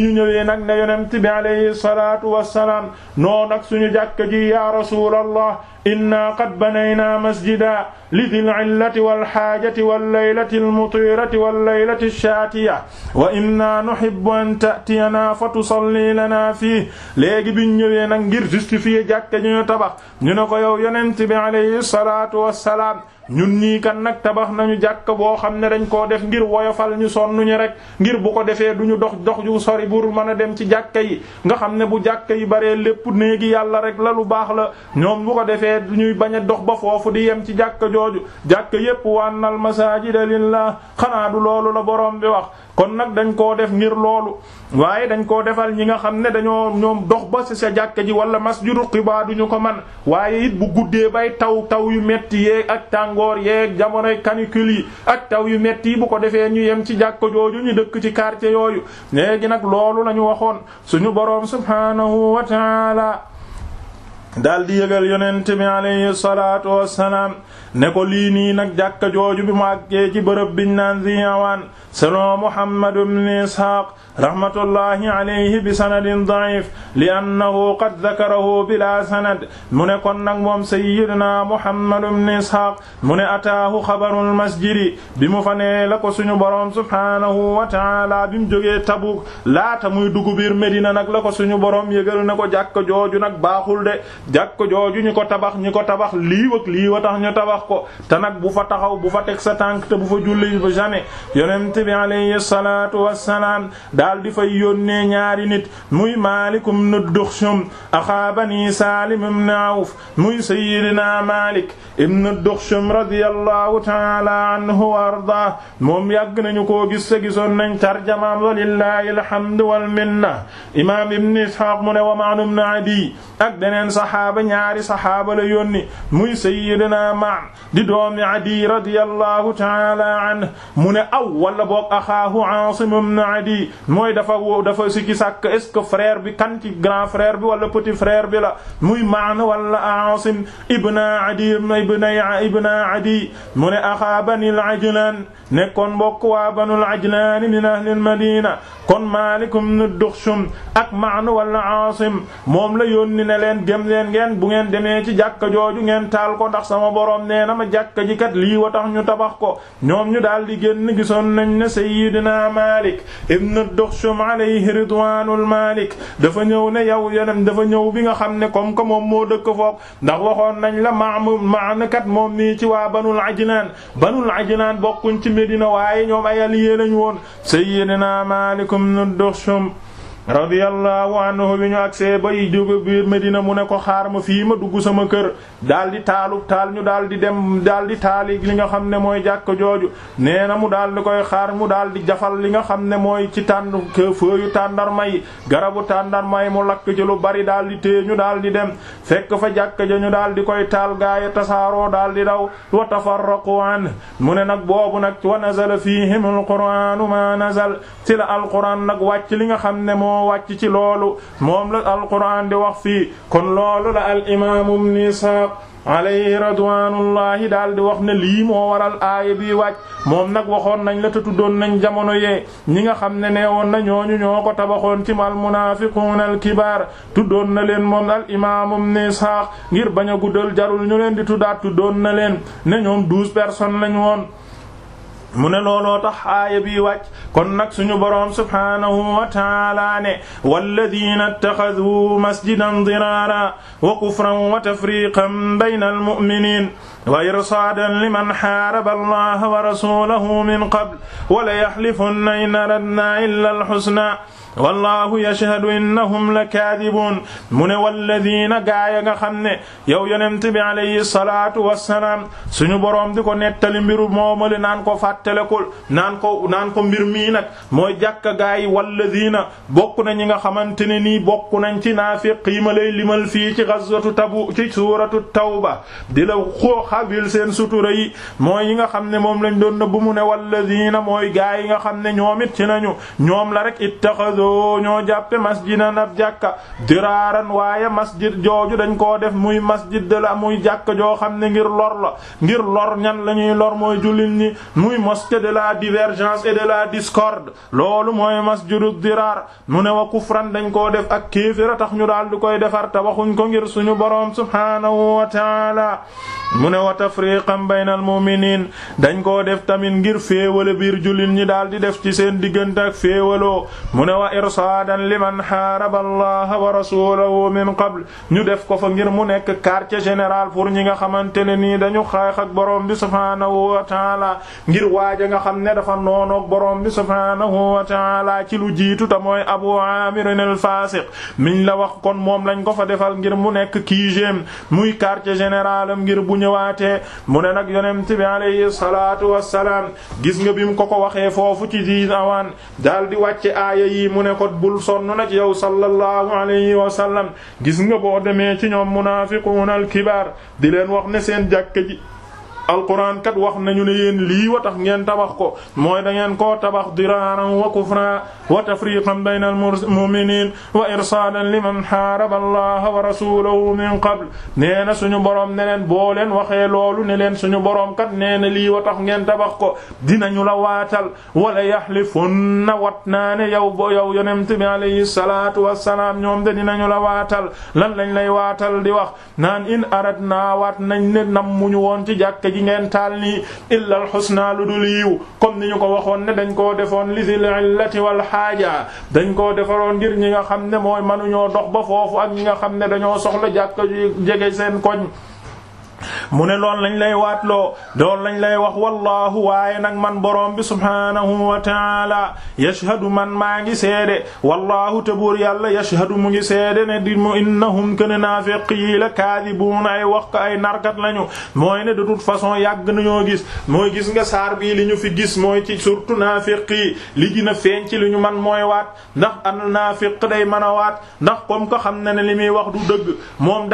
Speaker 1: ñu ñëwee nag ne yonent bi alayhi salaatu wassalaam noo nag suñu jàkka ji ya rasulallah inna qad banayna masjida li dhil illati wal haajati wal laylati al mutirati wal laylati ash-shaatiya wa inna nuhibbu an ta'tiyana fa tusalli lana fii léegi biñ ñëwee nag ngir justifier jàkka ji ñu tabax ñu ne ko yow yonent bi alayhi salaatu wassalaam ñun ñii kan nag tabax nañu jàkk boo xam ne dañ koo def ngir woyofal ñu sonn ñu rek ngir bu ko defee du ñu dox dox ju sori pour mën a dem ci jàkk yi nga xam ne bu jàkk yi baree lépp néegi yàlla rek la lu baax la ñoom bu ko defee du ñuy bañ a dox ba foofu di yem ci jàkka jooju jàkka yépp wànnal masaajida lillah xanaa du loolu la borom bi wax kon nag dañ koo def ngir loolu waaye dañ koo defal ñi nga xam ne dañoo ñoom dox ba ci sa jàkka ji wala masjidu Quba duñu ko man waaye it bu guddee bay taw taw yu metti yeeg ak tàngoor yeeg jamonoy canicule yi ak taw yu metti yi bu ko defee ñu yem ci jàkka jooju ñu dëkk ci quartier yooyu léegi nag loolu lañu waxoon suñu boroom subhanahu wa ta'ala daal di yëgal yonent bi alayhi salaatu wassalaam ne ko lii nii nag jàkka jooju bi mu àggee ci bërëb biñ naan Ziyawaan selon Muhammad ibn Ishaaq rahmatullahi alayhi bi sanadin da'if li annahu qad dhakarahu bila sanad mu ne kon nag moom sayyidina Muhammad ibn Ishaaq mu ne ataahu xabarul masjidi bi mu fa nee la ko suñu boroom subhaanahu wa ta'aala bi mu jógee Tabuk laata muy dugg biir Medina nag la ko suñu boroom yëgal na ko jàkk jooju nag baaxul de jàkk jooju ñu ko tabax ñi ko tabax lii ak lii wa tax ñu tabax ko te nag bu fa taxaw bu fa teg sa tànk te bu fa julli ba jamais bi alayhi salaatu wassalaam daal di fay yónnee ñaari nit muy maalikum nu duxshum axaa bani saalim ibn awf muy sayyidina maalik ibn duxshum radiyallahu taala anhu wa arda moom yàgg nañu koo gis sa gisoon nañ tarjamaam walillahi alhamdu wal minna imaam ibn ishaaq mu ne wa ma'nu ibn adi ak beneen saxaaba ñaari saxaaba la yónni muy sayyidina ma'n di doomi adi radiyallahu taala anhu mu ne aw wala boog axaahu Aasim ibn Adi mooy dafa dafa sikki sàkk est-ce que frère bi kan ci grand frère bi wala petit frère bi la muy Ma'n wala Aasim ibn Adi ibn Adi mu ne axaa Banil Ajlaan nekkoon mbokk waa Banul Ajlaan min ahlil Madina kon Maalik ibn Duxshum ak Ma'n wala Aasim moom la yónni ne leen gëm leen ngeen bu ngeen demee ci jàkka jooju ngeen taal ko ndax sama borom nee na ma jàkka ji kat lii wa tax ñu tabax ko ñoom ñu daal di génn gisoon nañ nañ ne sayyidina Malik ibn Duxshum alayhi ridwanul Malik dafa ñëw na yow yeneen dafa ñëw bi nga xam ne kom que moom moo dëkk foofu ndax waxoon nañ la ma maan kat moom nii ci waa Banul Ajlan Banul Ajlan bokkuñ ci Medina waaye ñoom ay alliés lañ woon sayyidina Malik ibn Duxshum radiyallahu anhu bi ñu agsee bay jóge biir Medina mu ne ko xaar ma fii ma dugg sama kër daal di taalub taal ñu daal di dem daal di li nga xam ne mooy jàkk jooju nee na mu daal di koy xaar mu daal di jafal li nga xam ne mooy ci tànn fëyu tàndarma yi garabu tàndarma yi mu lakk ci lu bari daal di téye ñu daal di dem fekk fa jàkk ja ñu daal di koy taal gaaya tasaaroo daal daw wa tafarraqu an mu ne nag boobu nag wa nazala fihim alquranu ma nazal ci la alquran moo wàcc ci loolu moom la al alquran di wax fii kon loolu la al imaamu ibn Isaaq alayhi radwanullahi di wax ne lii moo waral aaya bi wàcc moom nag waxoon nañ la te tuddoon nañ jamono yee ñi nga xam ne nee woon na ñooñu ñoo ko tabaxoon ci al munaafiquun al kibaar tuddoon na leen moom al imaam ibn ngir bañ a guddal jarul ñu leen di tuddaat tuddoon na leen ne ñoom douze woon mu ne looloo tax aaya bi wàcc kon nag suñu boroom subhaanahu wa taala ne walladina ittaxaduu masjidan diraara wa kufran wa tafriqan bayna almuminin wa irsaadan liman xaaraba allah wa rasulahu min qabl wa la yaxlifunna in aradna illa alxusna wallahu yashhadu innahum la kaadibuun mu ne walladina gaaya nga xam ne yow yonent bi alayhi salaatu wassalaam suñu boroom di ko nettali mbiru moomali naan ko fàttalekul naan ko naan ko mbir mii nag mooy jàkka gaay walladina bokk na ñi nga xamante ne nii bokk nañ ci naafiq yi ma lay limal fii ci gazwatu tabu ci suuratu tawba di la xooxa xawil seen sutura yi mooy yi nga xam ne moom lañ doon na bu mu ne walladina mooy gaay yi nga xam ne ñoom it ci nañu ñoom la rek ittaxadoo ñoo jàppe masjidan ab jàkka diraaran waaye masjid jooju dañ koo def muy masjid de la muy jàkk joo xam ne ngir lor la ngir lor ñan lañuy lor mooy jullit ñi muy mosquée de la divergence et de la discorde loolu mooy masjidu diraar mu ne wa kufran dañ koo def ak kéeféra tax ñu daal di koy defar te ko ngir suñu ne wa tafriqan baynal mu'minin dañ koo def tamit ngir féewale biir jullit ñi daal di def ci seen diggante ak féewaloo mu ne wa irsaadan liman xaaraba allaha wa rasulahu min qabl ñu def ko fa ngir mu nekk quartier général pour ñi nga xamante ne nii dañu xeex ak borom bi subhaanahu wa taala ngir waaja nga xam ne dafa noonoog borom bi subhaanahu wa taala ci lu jiitu ta mooy abu amir al fasiq miñ la wax kon moom lañ ko fa defal ngir mu nekk kiigéem muy quartier faatee mu ne nag yonent bi alayhi salaatu wassalaam gis nga bi mu ko ko waxee foofu ci di awaan daal di wàcce aaya yi mu ne ko bul sonn na yow sallallahu alayhi wa gis nga boo demee ci ñoom munaafiquun al kibaar di leen wax ne seen jàkka ji alquran kat wax nañu ne yéen lii wa tax ngeen tabax ko mooy da ngeen koo tabax diraaran wa kufran wa tafriqan bayna almu'minin wa irsaadan liman xaaraba allaha wa rasulahu min qabl nee na suñu boroom ne leen boo leen waxee loolu ne leen suñu boroom kat nee na lii wa tax ngeen tabax ko dinañu la waatal wala yaxlifunna wat naa ne yow bo yow yonent bi alayhi salaatu wassalaam ñoom de dinañu la waatal lan lañ lay waatal di wax naan in aradna wat nañ ne gi ngeen taal nii illa al lu dul yiw comme ni ñu ko waxoon ne dañ koo defoon li zil illati wal xaajaa dañ koo defaroon ngir ñi nga xam ne mooy manuñoo dox ba foofu ak ñi nga xam ne dañoo soxla jàkka ju jege seen koñ mu ne loolu lañ lay loo loolu lañ lay wax wallahu waaye nag man borom bi subhanahu wa taala man maa ngi seede wallahu te buur yàlla yashhadu mu ngi seede ne di mu innahum kana naafiqi la kaadibuuna ay wax ko ay narkat lañu mooy ne de toute façon yàgg nañoo gis mooy gis nga saar bii li ñu fi gis mooy ci surtout naafiqi li gën na feeñ ci li ñu man mooy waat ndax an naafiq day mën a waat ndax comme ko xam na ne li muy wax du dëgg moom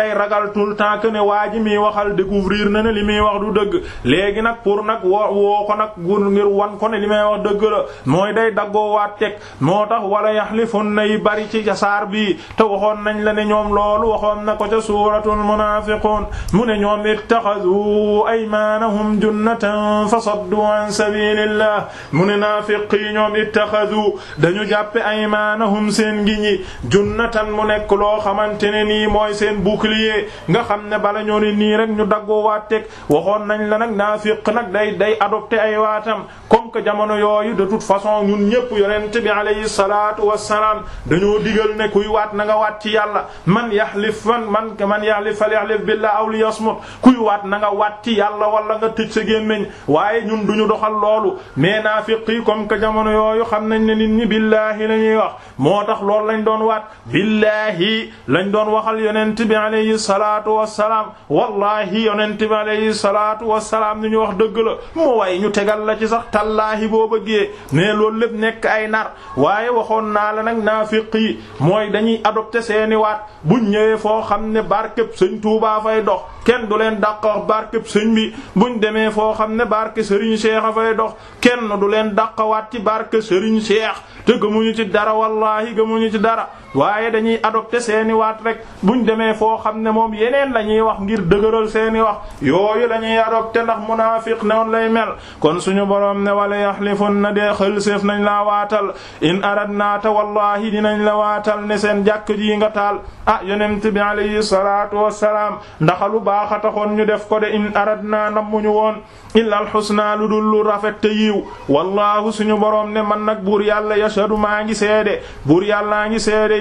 Speaker 1: daal découvrir na ne li muy wax du dëgg léegi nag pour nag woo woo ko nag gun ngir wan ko ne li may wax dëgg la mooy day daggoo waat teg moo tax wala yaxlifunna yi bari ci ca saar bii te waxoon nañ la ne ñoom loolu waxoon na ko ca suuratul munaafiquun mu ne ñoom ittaxadu aymaanahum junnatan fa saddu an sabilillah mu ne naafiqi ñoom ittaxadu dañu jàppe aymaanahum seen gi ñi junnatan mu nekk loo xamante ne nii mooy seen bouclier nga xam ne bala ñoo nii rek ñu daggoo waatteeg waxoon nañ la nag naafiq nag day day adopté ay waatam comme que jamono yooyu de toute façon ñun ñëpp yonent bi alayhi salaatu wassalaam dañoo digal ne kuy waat na nga waat ci yàlla man yahlif man man man yahlif falyahlif billah aw liyasmut kuy waat na nga waat ci yàlla walla nga tëj sa gémmiñ waaye ñun duñu doxal loolu mais naafiq yi comme que jamono yooyu xam nañ ne nit ñi billaahi la ñuy wax moo tax loolu lañ doon waat billaahi lañ doon waxal yonent bi alayhi salaatu wassalaam wallahi wallaahi yonent bi alayhi salaatu wassalaam ni ñu wax dëgg la moo way ñu tegal la ci sax tallaahi boo bëggee ne loolu lépp nekk ay nar waaye waxoon naa la nag naafiq yi mooy dañuy adopte seeni waat buñ ñëwee foo xam ne barkeb sëñ Tuubaa fay dox kenn du leen dàq wax barkeb sëñ bi buñ demee foo xam ne barke Serigne Cheikh a fay dox kenn du leen dàq waat ci barke Serigne Cheikh te gëmuñu ci dara wallaahi gëmuñu ci dara waaye dañuy adopté seeni waat rek buñ demee foo xam ne moom yeneen la ñuy wax ngir dëgëral seeni wax yooyu la ñuy adopté ndax munaafiq noonu lay mel kon suñu borom ne wala na dee xëlséef nañ laa waatal in aradna ta wallahi dinañ la waatal ne seen jàkk ji nga taal ah yonent bi alayhi salaatu wassalaam ndax lu baax a taxoon ñu def ko de in aradna nammuñu woon illa alxusna lu dul lu rafet te yiw wallaahu suñu borom ne man nag buur yàlla yashadu maa ngi seede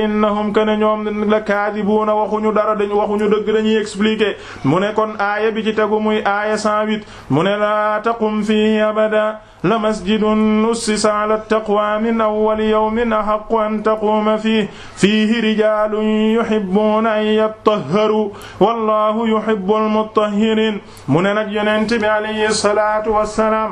Speaker 1: innahum kana ñoom la kaadibuuna waxuñu dara dañu waxuñu dëgg dañuy expliquer mu ne kon aaya bi ci tegu muy aaya 108 mu ne laa taqum fiihi abada la masjidun ussisa ala taqwa min awwali yawmin ahaqqu an taquuma fiihi fiihi rijaalun yuhibbuuna an yattahharu wallahu yuhibbul mutahhirin mu ne nag yonent bi alayhi salaatu wassalaam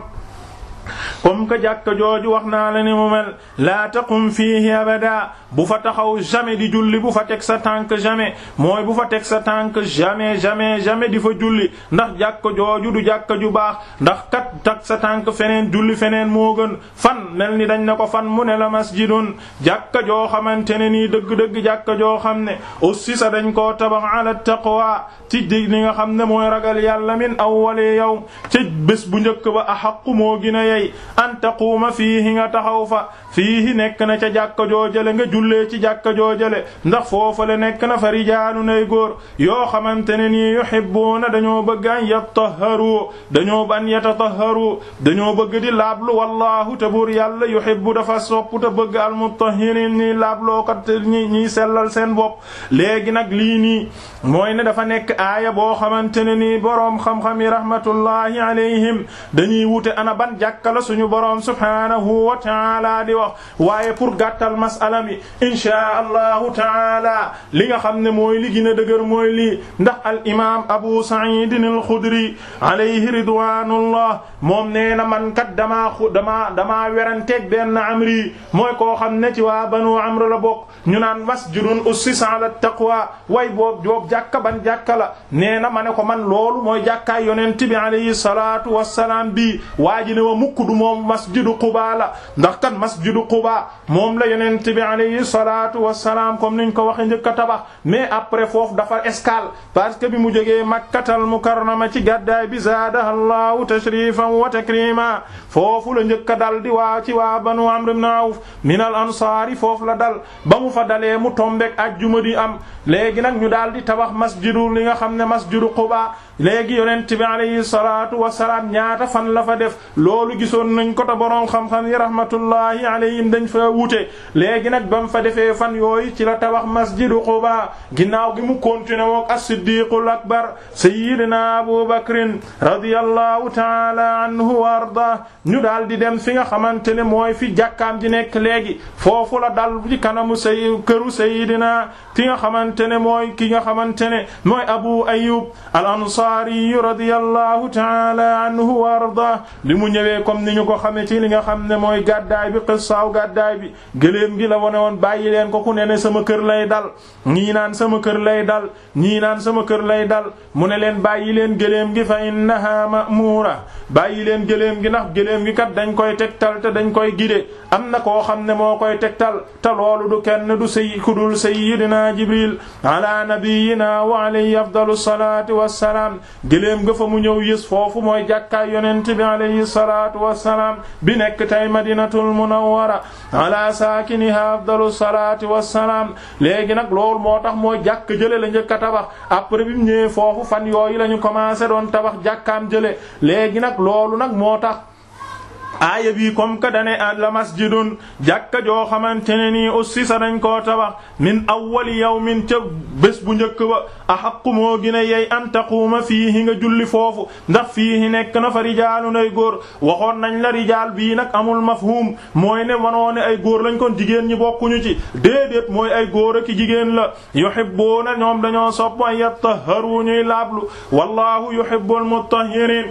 Speaker 1: comme que jàkka jooju wax naa la ni mu mel laa taqum fiihi daa bu fa taxaw jamais di julli bu fa teg sa tànk jamais mooy bu fa teg sa tànk jamais jamais jamais di fa julli ndax jàkka jooju du jàkka ju baax ndax kat teg sa tànk feneen julli feneen moo gën fan mel ni dañ na ko fan mu ne la masjidun jàkka joo xamante ne nii dëgg-dëgg jàkka joo xam ne aussi sa dañ koo tabax ala taqwa ci dig li nga xam ne mooy ragal yàlla min awwali yawm ci bés bu njëkk ba axaqu moo yey an taquuma fiihi nga taxaw fa fiihi nekk na ca jàkka joojale nga jullee ci jàkka joojale ndax foofale nekk na fa rijaalun ay góor yoo xamante ne nii yuhibbuuna dañoo bëgg an yattaharu dañoo ban yatatahharu dañoo bëgg di laablu wallahu te buur yàlla yuhibbu dafa sopp te bëgg almutahhirin nii laablookat ñi ñiy sellal seen bopp léegi nag lii nii mooy dafa nekk aaya boo xamante ne nii boroom xam-xam yi rahmatullahi alayhim dañuy wute ana ban jàkk naka la suñu boroom subhaanahu wa taala di wax waaye pour gàttal masala mi inchaa allahu taala li nga xam ne mooy li gën dëgër mooy lii ndax al imam abu sa'id al-xudri alayhi ridwanullah moom nee na man kat damaa damaa damaa weranteeg benn amri mooy koo xam ne ci waa banu amr la bokk ñu naan masjidun ussisa ala taqwa way boob boob jàkka ban jàkka la na ma ne ko man loolu mooy jàkkaay yonent bi alayhi salaatu wassalaam bi waaji ne ma mukk du moom masjidu Quba la ndax kat masjidu Quba moom la yonent bi alayhi salaatu wassalaam comme niñ ko waxe njëkk a tabax mais après foofu dafa escale parce que bi mu jógee Makkatal Mukarrama ci gàddaay bi zaadaha Allahu tashrifan wa foofu la njëkk dal di waa wa waa banu Amr ibn Awf min al ansaari foofu la dal ba mu fa dalee mu tombek ajjuma di am léegi nag ñu daal di tabax masjidu li nga xam ne masjidu Quba léegi yonent bi alayhi salaatu wasalaam ñaata fan la fa def loolu gisoon nañ ko ta boroom xam-xam yi rahmatullahi alayhim dañ fa wute léegi nag ba mu fa defee fan yooyu ci la tabax masjidu Quba ginnaaw gi mu continué woog as-siddiqul akbar sayyidina Abu Bakrin radiyallahu taala anhu wa arda ñu daal di dem fi nga xamante ne mooy fi jàkkaam ji nekk léegi foofu la dal ci kanamu say këru sayyidina ki nga xamante ne mooy ki nga xamante ne mooy Abu Ayyub al-Ansari al-Buxaari radiyallahu taala anhu wa arda bi mu ñëwee comme ni ñu ko xamee ci li nga xam ne mooy gàddaay bi xissaaw gàddaay bi gëléem gi la wane woon bàyyi leen ko ku ne ne sama kër lay dal ñii naan sama kër lay dal ñii naan sama kër lay dal mu ne leen bàyyi leen gëléem gi fa innaha ma'muura bàyyi leen gëléem gi ndax gëléem gi kat dañ koy tegtal te dañ koy gide am na koo xam ne moo koy tegtal te loolu du kenn du say ku dul sayyidina Jibril ala nabiyyina wa géléem nga fa mu ñëw yës foofu mooy jàkkaay yonent bi alayhi salaatu wassalaam bi nekk tay madinatul munawwara ala saakiniha afdalu salaati wassalaam léegi nag loolu moo tax mooy jàkk jële la njëkk a tabax après bi ñëwee foofu fan yooyu lañu ñu commencé doon tabax jàkkaam jële léegi nag loolu nag moo tax aaya bii comme que dane la masjidun jàkka joo xamante ne nii ussisa dañ koo tabax min awwali yawmin ca bés bu njëkk ba ahaqu moo gën a yey an taquuma fiihi nga julli foofu ndax fiihi nekk na fa rijaalun ay góor waxoon nañ la rijaal bii nag amul mafhum mooy ne wanoo ne ay góor lañ kon jigéen ñi bokkuñu ci déedéet mooy ay góor ak jigéen la yuhibbuuna ñoom dañoo sopp an yattaharu ñuy laablu wallahu yuhibbul mutahhirin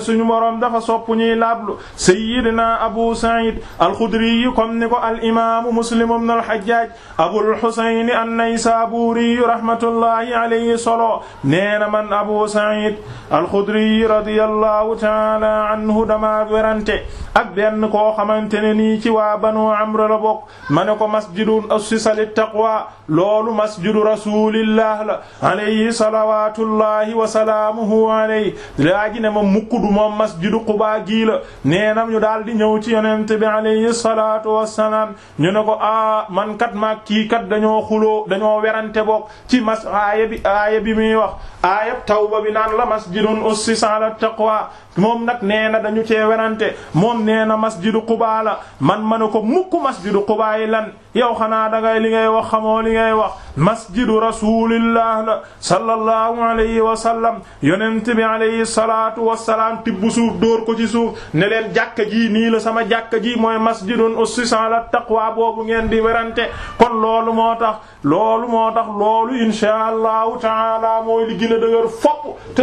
Speaker 1: suñu moroom dafa sopp ñuy laablu sayyidina abu sa'id al-xudri yi comme ni ko al imaamu muslim ibn al-hajjaj abul husayn an-naysaburi rahmatullahi alayhi solo nee na man abu sa'id al-xudri radiyallahu ta'ala anhu dama werante ak benn koo xamante ne nii ci waa banu amr la bokk ma ne ko masjidun ussisa littaqwa loolu masjidu rasulillah la alayhi salawatullahi wa salaamuhu alayhi laaji ne ma mukk du moom masjidu quba gii la nee na salaam ñu daal di ñëw ci yonent bi alayhi salaatu wassalaam ñu ne ko a man kat maag kii kat dañoo xuloo dañoo werante bokk ci mas aaya bi aaya bi muy wax aaya tawba bi naan la masjidun ussisa ala taqwa moom nag nee na dañu cee werante moom nee na masjidu Quba la man ma ne ko mukk masjidu Quba yi lan yow xanaa dangay li ngay wax xamoo li ngay wax masjidu rasulillah la sallallahu alayhi wa sallam yonent bi alayhi salatu wasalaam tibb suuf dóor ko ci suuf ne leen jàkka ji nii sama jàkka ji mooy masjidun ussisa ala taqwa boobu ngeen di werante kon loolu moo tax loolu loolu inshaa allahu taala mooy li gën a dëgër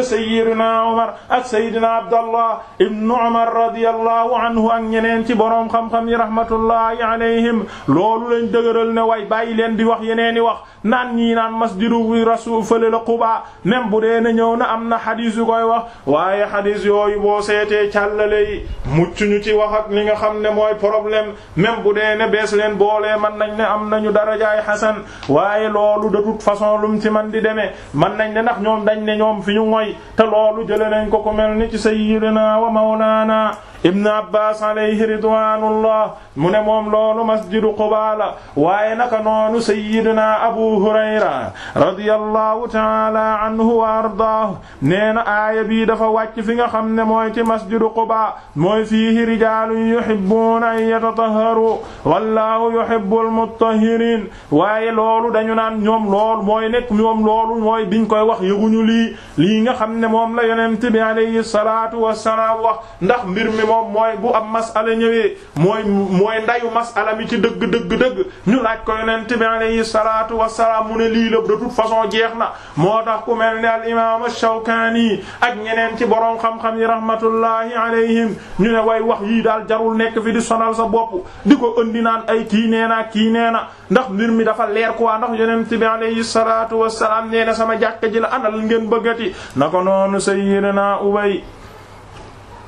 Speaker 1: sayyidina Umar ak sayyidina Abdallah abdallah ibnu umar radiyallahu anhu ak ñeneen ci boroom xam-xam yi rahmatullahi alayhim loolu lañ dëgëral ne way bàyyi leen di wax yeneeni wax naan ñii naan masjidu rasul fële la Quba même bu dee na ñëw na am na xadis yu koy wax waaye xadis yooyu boo seetee càllale yi mucc ñu ci wax ak li nga xam ne mooy problème même bu dee ne bees leen boolee man nañ ne am na ñu nañu darajaay xasan waaye loolu de toute façon lum ci man di demee mën nañ ne ndax ñoom dañ ne ñoom fi ñu moy te loolu jëlee nañ ko ku mel ni ci sayyidina wa mawlaana ibn abbas alayhi ridwanullah mu ne moom loolu masjidu Quba la waaye naka noonu sayyidina abu hurayra radiyallahu taala anhu wa ardaahu nee na aaya bii dafa wàcc fi nga xam ne mooy ci masjidu Quba mooy fiihi rijaalun yuhibbuuna an yatatahharu wallahu yuhibbul mutahhirin waaye loolu dañu naan ñoom loolu mooy nekk ñoom loolu mooy biñ koy wax yëguñu lii lii nga xam ne moom la yonent bi alayhi salaatu wassalaam wax ndax mbir mi moom mooy bu am masala ñëwee mooy mooy ndayu masala mi ci dëgg dëgg dëgg ñu laaj ko yonent bi alayhi salaatu wassalaam mu ne lii la de toute façon jeex na moo tax ku mel ne al imaam shawkaani ak ñeneen ci borom xam-xam yi rahmatullahi alayhim ñu ne way wax yii daal jarul nekk fi di sonal sa bopp di ko ëndi naan ay kii nee kii nee na ndax mbir mi dafa leer quoi ndax yonent bi alayhi salaatu wassalaam nee na sama jàkka ji la ana lan ngeen bëggati na ko noonu sayyidina Ubay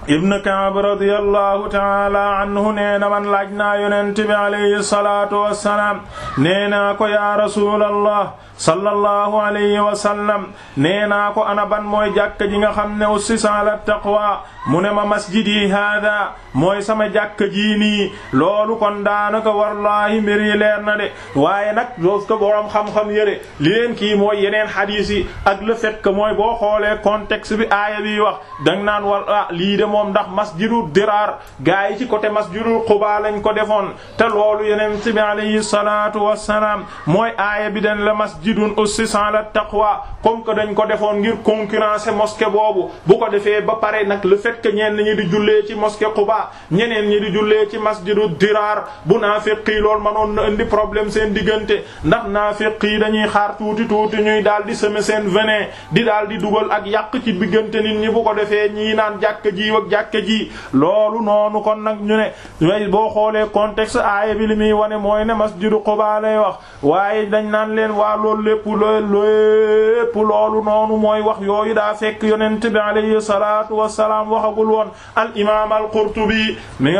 Speaker 1: ibn Kaab radiyallahu taala anhu nee na man laaj naa yonent bi alayhi salaatu wassalaam nee naa ko yaa rasuulallah sallallahu alayhi wa sallam nee naa ko ana ban mooy jàkka ji nga xam ne ussisa ala taqwa mu ne ma masjid yi haada mooy sama jàkka ji nii loolu kon daanaka wallahi mbir yi leer na de waaye nag loolu ko boroom xam-xam yële li leen kii mooy yeneen hadis yi ak le mooy boo xoolee contexte bi aaya bi wax dang naan wala ah, lii de moom ndax masjidu diraar gaa yi ci côté masjidul Quba lañ ko defoon te loolu yeneen si bi salaatu wassalaam mooy aaya bi den masjidun ussisa ala taqwa comme que dañ ko defoon ngir ko defee ba pare nag le fait que ñenn ñi di jullee ci mosquée Quba ñeneen ñi di jullee ci masjidu Dirar bu naafiq yi loolu manoon na indi problème seen diggante ndax naafiq yi dañuy xaar tuuti tuuti ñuy daal di semer seen venin di daal di dugal ak yàq ci diggante nit ñi bu ko defee ñii naan jàkka ji ak jàkka ji loolu noonu kon nag ñu ne boo xoolee contexte aaya bi li wane mooy ne masjidu Quba lay wax waaye dañ naan leen waa loolu lépp lépp loolu noonu mooy wax yooyu daa fekk yonent bi alayhi salaatu wassalaam waxagul woon al imaam al qurtubi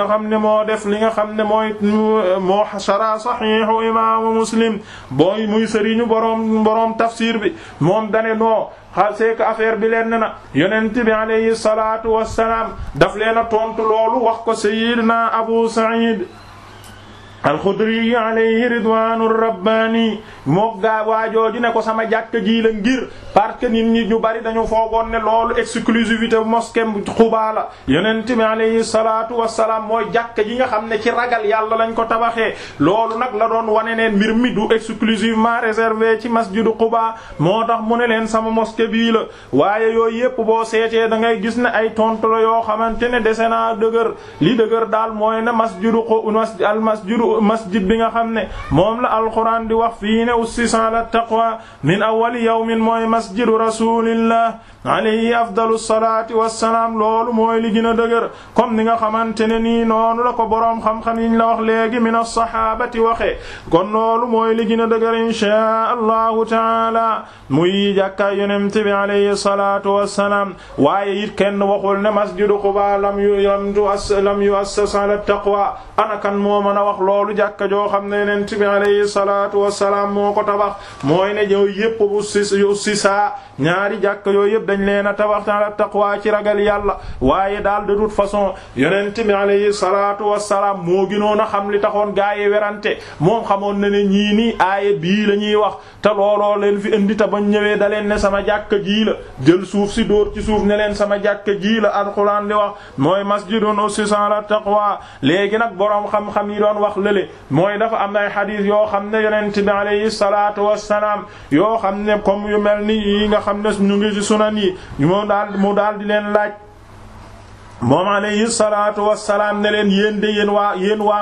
Speaker 1: xam ne moo def li nga xam ne mooy moo shara saxiixu imaamu muslim booy muy sëriñu boroom boroom bi moom dane noo xal seek affaire bi leen na yonent bi alayhi salaatu wassalaam daf leen a tontu loolu wax ko sayyidina abu sa'id alxudri alayhi ridwaanu rabbaani moo gaa waajooju ne ko sama jàkk ji la ngir parce que nit ñi ñu bari dañu foogoon ne loolu exclusivité mosquée Quba la yonent bi alayhi salaatu wassalaam mooy jàkk ji nga xam ne ci ragal yàlla lañ ko tabaxee loolu nag la doon wane neen mbir mi du exclusivement réservé ci masjidu Quba moo tax mu ne leen sama mosquée bii la waaye yooy yépp boo seetee da ngay gis ne ay tontu la yoo xamante ne dese naa dëgër li dëgër daal mooy ne masjidu masjid bi nga xam ne moom la alquran di wax fii ne ussisa ala taqwa min awwali yawmin mooy masjidu rasulillah alayhi afdalu salaati wassalaam loolu mooy li gën a dëgër comme ni nga xamante ne nii noonu la ko boroom xam-xam yiñ la wax léegi min as-sahaabati waxee kon loolu mooy li gën a dëgër inchaa allahu taala muy jàkkaay yonent bi alayhi salaatu wassalaam waaye it kenn waxul ne masjidu Quba lam yu lam yuassas ala taqwa anakan moo mën a wax loolu jàkka joo xam ne yonent bi alayhi salaatu wassalaam moo ko tabax mooy ne yow yëpp bu si yu si saa ñaari jàkka yooyu yëpp dañ leen a tabax ala taqwa ci ragal yàlla waaye daal de toute façon yonent bi alayhi salaatu wassalaam moo gënoon a li taxoon gaa yi werante moom xamoon na ne ñii nii aaye bii la ñuy wax te looloo leen fi indi te bañ ñëwee da leen ne sama jàkka jii la jël suuf si dóor ci suuf ne leen sama jàkka jii la alxuraan di wax mooy masjidun ussisa ala taqwa léegi nag boroom xam-xam yi doon wax lële mooy dafa am ay xadiis yoo xam ne yonent bi alayhi salaatu wassalaam yoo xam ne comme yu mel ni yi nga xam nii ñu moom daal di leen laaj moom alayhi salaatu wassalaam ne leen yéen de yéen waa yéen waa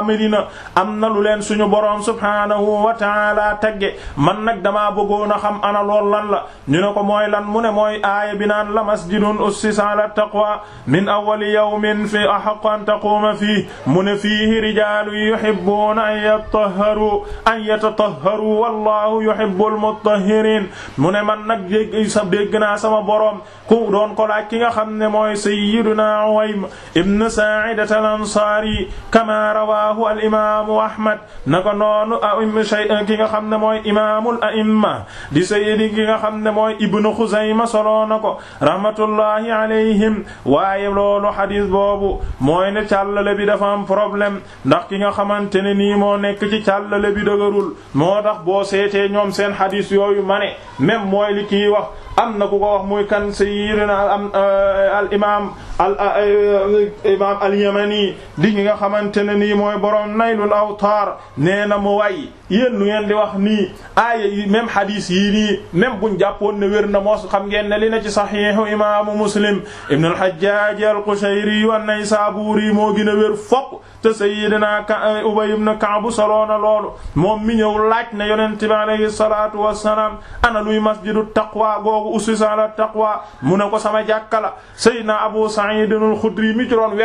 Speaker 1: am na lu leen suñu boroom subhaanahu wa taala tagge man nag damaa bëggoon a xam ana lool lan la ñu ko mooy lan mu ne aaya bi naan la masjidun ussisa ala taqwa min awwali yawmin fi ahaqqu an taquuma fii mu ne fiihi rijaalun yuhibbuuna an yatahharu an yatatahharu wallahu yuhibbul mutahhiriin mu ne man nag dégg sa dégg naa sama boroom ku doon ko laaj ki nga xam ne mooy sayyiduna Sulaym ibn Sa'ida al-Ansari kama rawahu al-imaamu Ahmad naka noonu umm ki nga xam ne mooy imaamul a'imma di sayyidi ki nga xam ne mooy Ibnu Xuzayma soloo na ko rahmatullahi alayhim waaye loolu xadis boobu mooy ne càllale bi dafa am problème ndax ki nga xamante ne nii moo nekk ci càllale bi dëgërul moo tax boo seetee ñoom seen xadis yooyu ma ne même mooy li kii wax am na ku ko wax muy kan sayyidina am euh, al imaam al euh, imaam al yamani di ñi nga xamante ne nii mooy borom naylul awtaar nee na mu way yéen nu ngeen di wax nii aaya yi même hadis yii nii même buñ jàppoon ne wér na moos xam ngeen ne li na ci saxiixu imaamu muslim ibn al hajjaaj al qushayri wa naysaabuuri moo gën a wér fop te sayyidina euh, ubay ibn ka'b soloona loolu moom mi ñëw laaj ne yonent bi alayhi salaatu wassalaam ana luy masjidu taqwa googu boobu ussisa ala taqwa mu ne ko sama jàkka la sayyidina abu sa'id al-khudri mi ci doon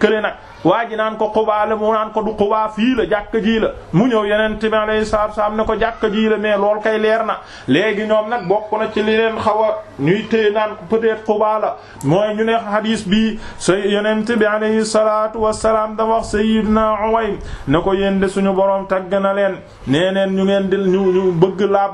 Speaker 1: kële nag waa naan ko xubaa la mu naan ko du xubaa fii la jàkka jii la mu ñëw yeneen bi alayhi salaatu salaam ne ko jàkka jii la mais lool kay leer na léegi ñoom nag bokk na ci li leen xaw a ñuy téye naan peut-être xubaa la mooy ñu ne hadis bi sa yonent bi alayhi salaatu wassalaam da wax sayyidina Uwaym ne ko yéen de suñu borom tagg na leen nee neen ñu ngeen di ñu ñu bëgg laab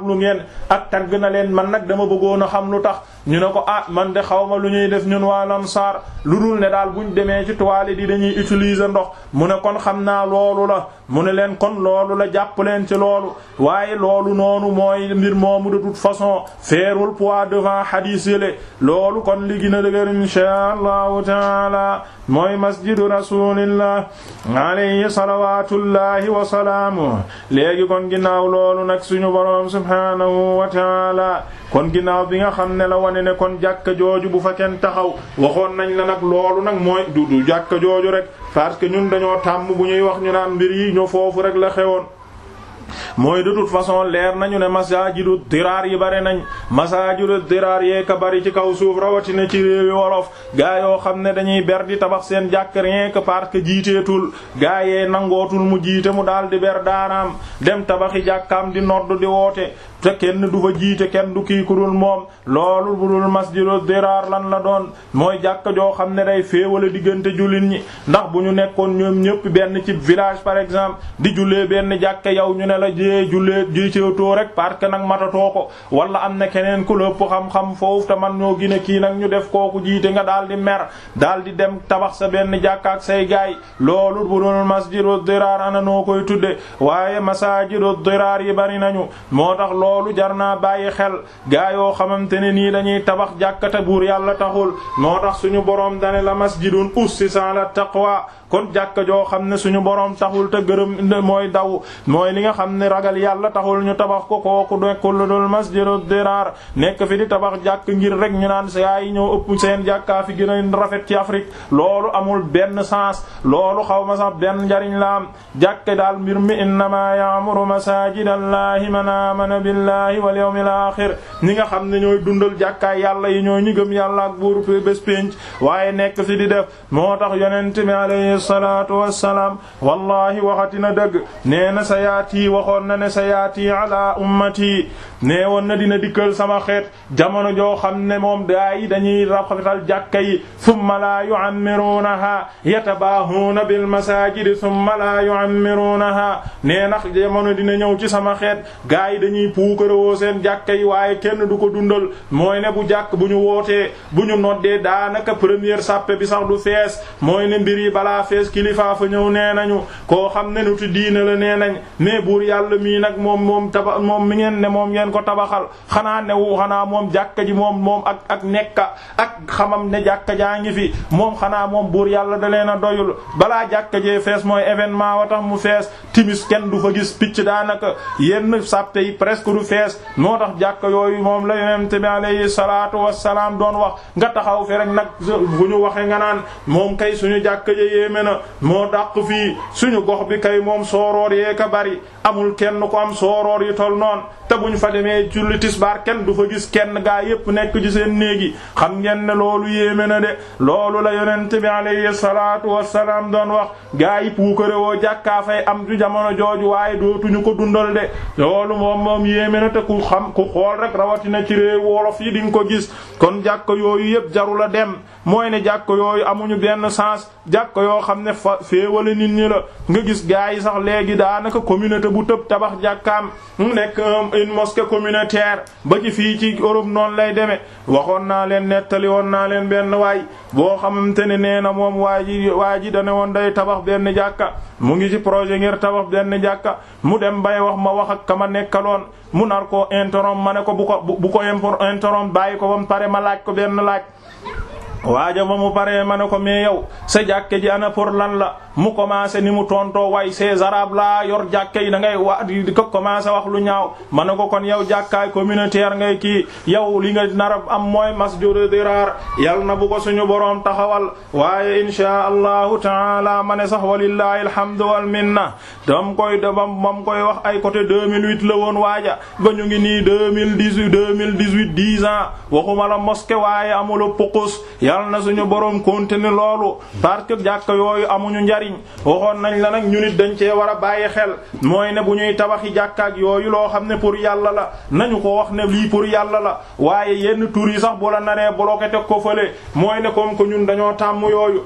Speaker 1: xam lu tax ñu ne ko ah man de xaw ma lu ñuy def ñun waa Ansaar lu dul ne daal buñ demee ci toilette di dañuy utiliser ndox mu ne kon xam naa loolu la mu ne leen kon loolu la jàpp leen ci loolu waaye loolu noonu mooy mbir moomu de toute façon feerul de devant hadis yile loolu kon li gën a dëgër inshaa allahu taala mooy masjidu rasulillah alayhi salawatullahi wa salaamu léegi kon ginnaaw loolu nag suñu boroom subhaanahu wa taala kon ginnaaw bi nga xam ne la wane ne kon jàkka jooju bu fa kenn taxaw waxoon nañ la nag loolu nag mooy du du jàkka jooju rek parce que ñun dañoo tàmm bu ñuy wax ñu naan mbir yi ñoo foofu rek la xewoon. mooy de toute façon leer nañu ne masaajidu diraar yi bari nañ masaa masaajidu diraar yee ka bari ci kaw suuf rawatina ci réewi wolof gaa yoo xam ne dañuy ber di tabax seen jàkk rien que parce que jiiteetul gaa yee nangootul mu jiite mu daal ber daanaam dem tabaxi jàkkaam di nodd di woote te kenn du fa jiite kenn du kii ku dul moom loolu bu dul masjidu diraar lan la doon mooy jàkka joo xam ne day féewale diggante jullit ñi ndax bu ñu nekkoon ñoom ñëpp benn ci village par exemple di jullee benn jàkka yow ñu ne la jee jullee jiiteetoo rek parce que nag matatoo ko wala am na keneen ku lépp xam-xam foofu te man ñoo gine kii nag ñu def kooku jiite nga daal di mer daal di dem tabax sa benn jàkka ak say gaay loolu bu dul masjidu diraar ana noo koy tudde waaye masaajidu diraar yi bari nañu loolu jar naa bàyyi xel gaa yoo xamante ne nii dañuy tabax jàkkata buur yàlla taxul noo tax suñu boroom dane la masjidun ussisa ala taqwa kon jàkka joo xam ne suñu boroom taxul te gërëm mooy daw mooy li nga xam ne ragal yàlla taxul ñu tabax ko kooku nekkul lu dul masjidu dirar nekk fi di tabax jàkk ngir rek ñu naan saa yi ñëw ëpp seen jàkkaa fi a rafet ci Afrique loolu amul benn sens loolu xaw ma sax benn njariñ la am jàkke daal mbir mi innama ya'muru masajidallaahi billahi wal yawmil aaxir ñi nga xam ne ñooy dundal jàkkaay yàlla yi ñooy ñi gëm yàlla ak buur bés pénc waaye nekk fi di def moo tax yonent bi alayhi salaatu wassalaam wallahi waxatina dëgg nee na sa yaati waxoon na ne sa yaati ala ummati nee woon na dina dikkal sama xeet jamono joo xam ne moom daa yi dañuy rafetal jàkka yi summa laa yu'ammiruunaha yatabaahuuna bil masaajidi summa laa yu'ammiruunaha nee na jamono dina ñëw ci sama xeet gaa yi dañuy puukarewoo seen jàkka yi waaye kenn du ko dundal mooy ne bu jàkk bu ñu wootee bu ñu noddee daanaka première sàppe bi sax du fees mooy ne mbir yi balaa fees kilifaa fa ñëw nee nañu koo xam ne nuti diina la nee nañ mais buur yàlla mii nag moom moom taba moom mi ngeen ne moom ngeen ko tabaxal xanaa ne wu xanaa moom jàkka ji moom moom ak ak nekka ak xamam ne jàkka jaa ngi fi moom xanaa moom buur yàlla da leen a doyul balaa jàkka jee fees mooy événement wa du fees moo tax jàkk yooyu moom la yonent bi alayhi salaatu wassalaam doon wax nga taxaw fi nag bu ñu waxee nga naan moom kay suñu jàkk ja yéeme na moo dàq fii suñu gox bi kay moom sooroor yee ka bari amul kenn ko am sooroor yi tol noon te buñ fa demee julli tisbaar kenn du fa gis kenn gaa yépp nekk ci seen néegi xam ngeen ne loolu yéeme na de loolu la yonent bi alayhi salaatu wassalaam doon wax gaa yi puukare woo jàkkaa fay am ju jamono jooju waaye dootuñu ko dundal de loolu moom moom yéeme na te ku xam ku xool rek rawatina ci réew wolof yi di ko gis kon jàkk yooyu yépp jaru la dem mooy ne jàkko yooyu amuñu benn sens jàkko yoo xam ne fa féewale nit ñi la nga gis gaa yi sax léegi daanaka communauté bu tëb tabax jàkkaam mu nekk euh, une mosquée communautaire ba ci fii ci Europe noonu lay demee waxoon naa leen nettali woon naa leen benn waay boo xamante ne nee na moom waa ji waa ji dane woon day tabax benn jàkka mu ngi ci projet ngir tabax benn jàkka mu dem bay wax ma wax ak ka ma nekkaloon mu nar koo interrompre ma ne ko bu ko bu ko interrompre bàyyi ko ba mu pare ma laaj ko benn laaj waaja ba mu paree ma ne ko mais yow sa jàkke ji ana pour lan la mu commencé ni mu tontoo way ces arabes yor jàkke yi da ngay wa di ko commencé wax lu ñaaw ma ne ko kon yow jàkkaay communautaire ngay kii yow li nga narab am mooy masjidu diraar yal na bu ko suñu boroom taxawal waaye inshaa allahu taala ma ne sax walillahi alhamdu wal minna dam koy dabam mam koy wax ay côté 2008 la woon waaja ba ñu ngi nii 2018 2018 10 ans waxuma la mosquée waaye amula pukus yal na suñu boroom continuer loolu parce que jàkk yooyu amuñu njariñ njariñ waxoon nañ la nag ñu nit dañ cee war a bàyyi xel mooy ne bu ñuy tabaxi jàkkaak yooyu loo xam ne pour yàlla la nañu ko wax ne lii pour yàlla la waaye yenn tur yi sax bu la naree bloqué teg ko fële mooy ne comme ko ñun dañoo tàmm
Speaker 2: yooyu